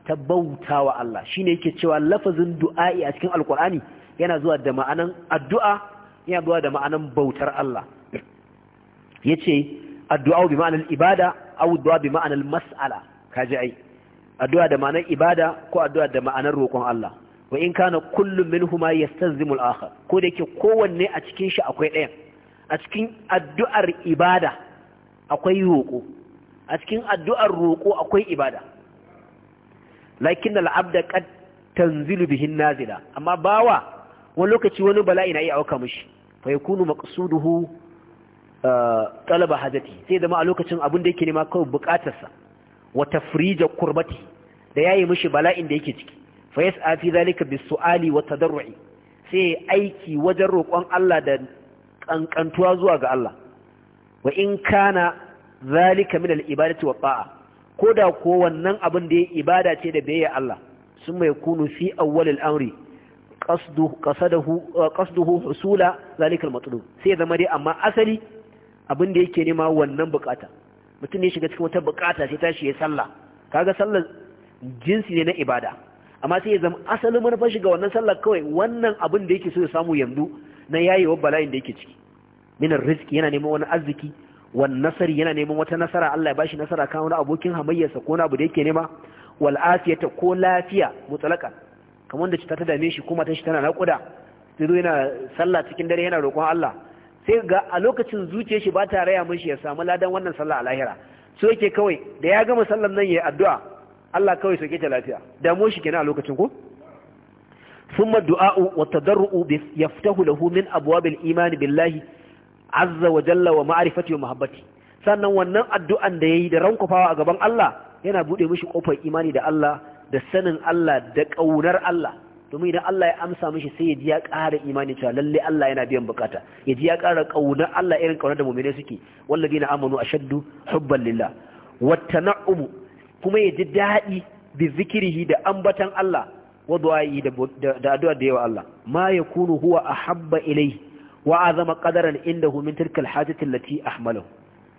ta bautawa Allah shine yake cewa lafazin du'a'i a cikin alqur'ani yana zuwa da ma'anar addu'a yana zuwa da ma'anar bautar Allah yace addu'a bi ma'anar ibada aw du'a bi ma'anar mas'ala kaji ai addu'a da ma'anar ibada ko addu'a da ma'anar roƙon Allah wa in kana kullum minhuma yastazimu al-akhar ko da yake kowanne a cikin shi akwai ɗayan a cikin addu'ar ibada akwai roƙo a cikin addu'ar roƙo akwai ibada lakin al-abda qad tanzilu bihin nazila amma bawa wani lokaci wani bala'i na iya auka mishi fa yakunu maqsuduhu uh, talaba hajati sai da zama a lokacin abin da yake nema kawai bukatarsa wa tafrija kurbati da yayi mishi bala'in da yake ciki fa yas'a fi zalika bisu'ali wa tadarru'i sai aiki wajen roƙon Allah da kankantuwa zuwa ga Allah wa in kana zalika min al-ibadati wa ta'a koda ko wannan abin da ya ibada ce da biyayya Allah sun mai kunu fi awwal al-amri qasduhu qasadahu eh, qasduhu husula zalika al-matlub sai zama dai amma asali abin da yake nema wannan bukata mutum ne shiga cikin wata bukata sai tashi ya sallah kaga sallar jinsi ne na ibada amma sai ya zama asalin manufar shiga ga wannan sallar kawai wannan abin da yake so ya samu yanzu na wa bala'in da yake ciki minar rizki yana neman wani arziki wan nasari yana neman wata nasara Allah ya bashi nasara kan wani abokin hamayyarsa ko na abu da yake nema wal afiyata ko lafiya mutlaqan kamar wanda ta dame shi kuma ta shi tana naƙuda sai zo yana sallah cikin dare yana roƙon Allah sai ga a lokacin zuciyar shi ba ta raya mishi ya samu ladan wannan sallah a lahira so yake kawai da ya gama sallar nan yayi addu'a Allah kawai sauke ta lafiya damuwar shi kenan a lokacin ko ثم الدعاء والتضرع يفتح له من أبواب الإيمان بالله عز وجل ومعرفته ومحبته sannan wannan addu'an da yayi da rankwafawa a gaban Allah yana bude mishi kofar imani da Allah da sanin Allah da kaunar Allah domin idan Allah ya amsa mishi sai ya ji ya ƙara imani cewa lalle Allah yana biyan bukata ya ji ya ƙara kauna Allah irin kaunar da mu'mini suke walladina amanu ashaddu hubban lillah wat tana'um kuma ya ji daɗi bi zikirihi da ambatan Allah wa du'a'i da addu'a da yawa Allah ma yakunu huwa ahabba ilayhi wa azama qadaran indahu min tilka alhajati allati ahmalahu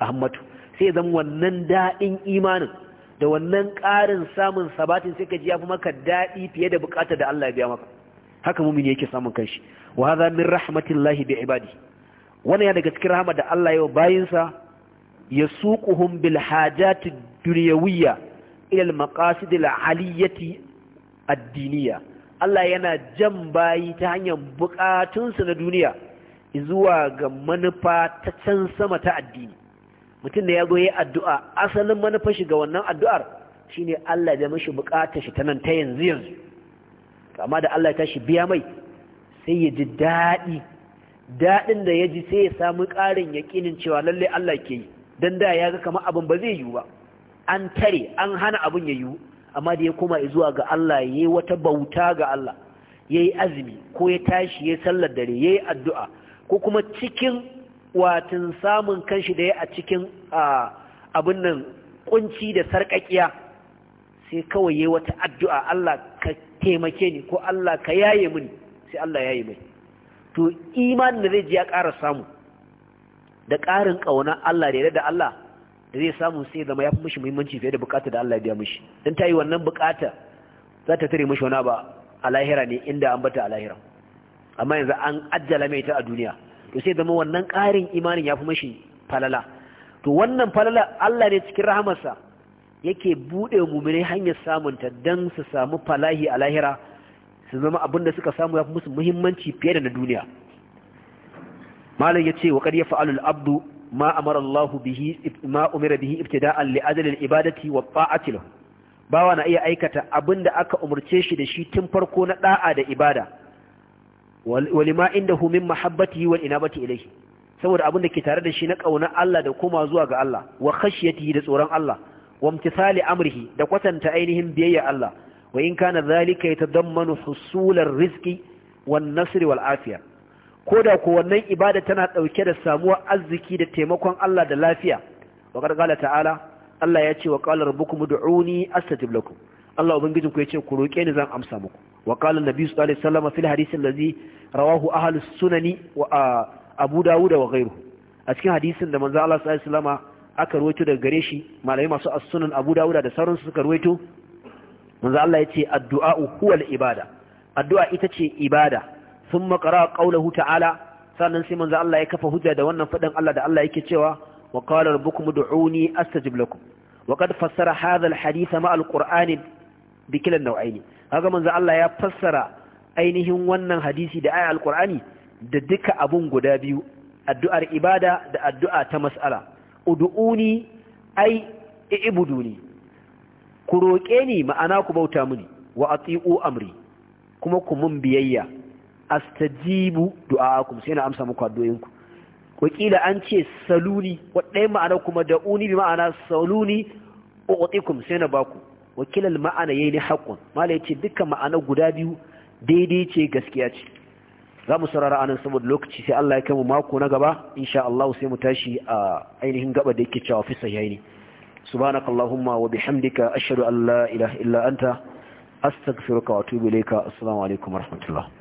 ahmatu sai zan wannan daɗin imanin da wannan ƙarin samun sabatin sai ka ji yafi maka daɗi fiye da buƙatar da Allah ya biya maka haka mumini yake samun kanshi wa hadha min rahmatillahi bi ibadi wannan ya daga cikin rahama da Allah ya bayinsa yasuquhum bil hajati dunyawiyya ilal maqasid al addiniya. ad Allah yana jan bayi ta hanyar bukatunsu na duniya zuwa ga manufa ta can sama ta addini mutum da ya goye addu'a asalin manufa ga wannan addu'ar shine Allah da mishi bukatar shi ta nan ta yanzu yanzu Kama da Allah ya tashi biya mai sai ya ji daɗi daɗin da ya ji sai ya samu ƙarin yaƙinin cewa lalle Allah ke yi don da ya ga kamar abin ba zai yiwu ba an tare an hana abin ya yiwu amma da ya koma zuwa ga Allah ya yi wata bauta ga Allah ya yi azumi ko ya tashi ya sallar dare ya yi addu'a ko kuma cikin watan samun kanshi da ya a cikin abin nan kunci da sarƙaƙiya sai kawai ya yi wata addu'a Allah ka taimake ni ko Allah ka yaye mini sai Allah yaye mai to imanin da zai ji ya ƙara samu da ƙarin ƙauna Allah da ya da Allah da zai samu sai zama ya fi mishi muhimmanci fiye da bukata da Allah ya biya mishi dan tayi wannan bukata za ta tare mishi wani ba a lahira ne inda an bata a lahira amma yanzu an ajjala mai ta a duniya to sai zama wannan karin imanin ya fi mishi falala to wannan falala Allah ne cikin rahamarsa yake buɗe mumini hanyar samun ta dan su samu falahi a lahira su zama abin da suka samu ya fi musu muhimmanci fiye da na duniya malam ya ce wa ƙarya fa'alul abdu ma amara bihi ma umira bihi ibtida'an li ajli al-ibadati wa ta'ati lahu bawa na iya aikata abinda aka umurce shi da shi tun farko na ɗa'a da ibada walima indahu min mahabbatihi wal inabati ilayhi saboda da ke tare da shi na kauna Allah da kuma zuwa ga Allah wa khashyatihi da tsoron Allah wa imtithali amrihi da kwatanta ainihin biyayya Allah wa in ta dhalika yatadammanu husular rizqi wan nasri wal afiya ko da ko wannan ibada tana ɗauke da samuwar arziki da taimakon Allah da lafiya wa gargala ta'ala Allah ya ce wa qala rabbukum ud'uni astajib lakum Allah ubangijinku ya ce ku roƙe ni zan amsa muku wa qala nabi sallallahu alaihi wasallam fil hadith allazi rawahu ahlus sunani wa abu dawud wa ghayruhu a cikin hadisin da manzo Allah sallallahu alaihi wasallam aka ruwaito daga gare shi malami masu as-sunan abu dawud da sauransu suka ruwaito manzo Allah ya ce addu'a huwa al-ibada addu'a ita ce ibada sun makara ƙaunahu ta'ala sannan sai manzo Allah ya kafa hujja da wannan faɗin Allah da Allah yake cewa wa qala rabbukum ud'uni astajib lakum wa qad fassara hadha al ma al bi kila an-naw'ayn kaga manzo Allah ya fassara ainihin wannan hadisi da ayat al da duka abun guda biyu addu'ar ibada da addu'a ta mas'ala ud'uni ai i'buduni ku roƙe ni ma'ana ku bauta mini wa ati'u amri kuma ku mun biyayya astajibu du'aakum sai na amsa muku addu'o'inku kila an ce saluni wadai ma'ana kuma da'uni bi ma'ana saluni u'tikum sai na baku al ma'ana yayi haqqun mala yace dukkan ma'ana guda biyu daidai ce gaskiya ce za mu sarara anan saboda lokaci sai Allah ya kai mu mako na gaba insha Allah sai mu tashi a ainihin gaba da yake cewa fi sahihaini سبحانك wa وبحمدك ashhadu an لا ilaha illa anta astaghfiruka wa atubu السلام عليكم alaikum الله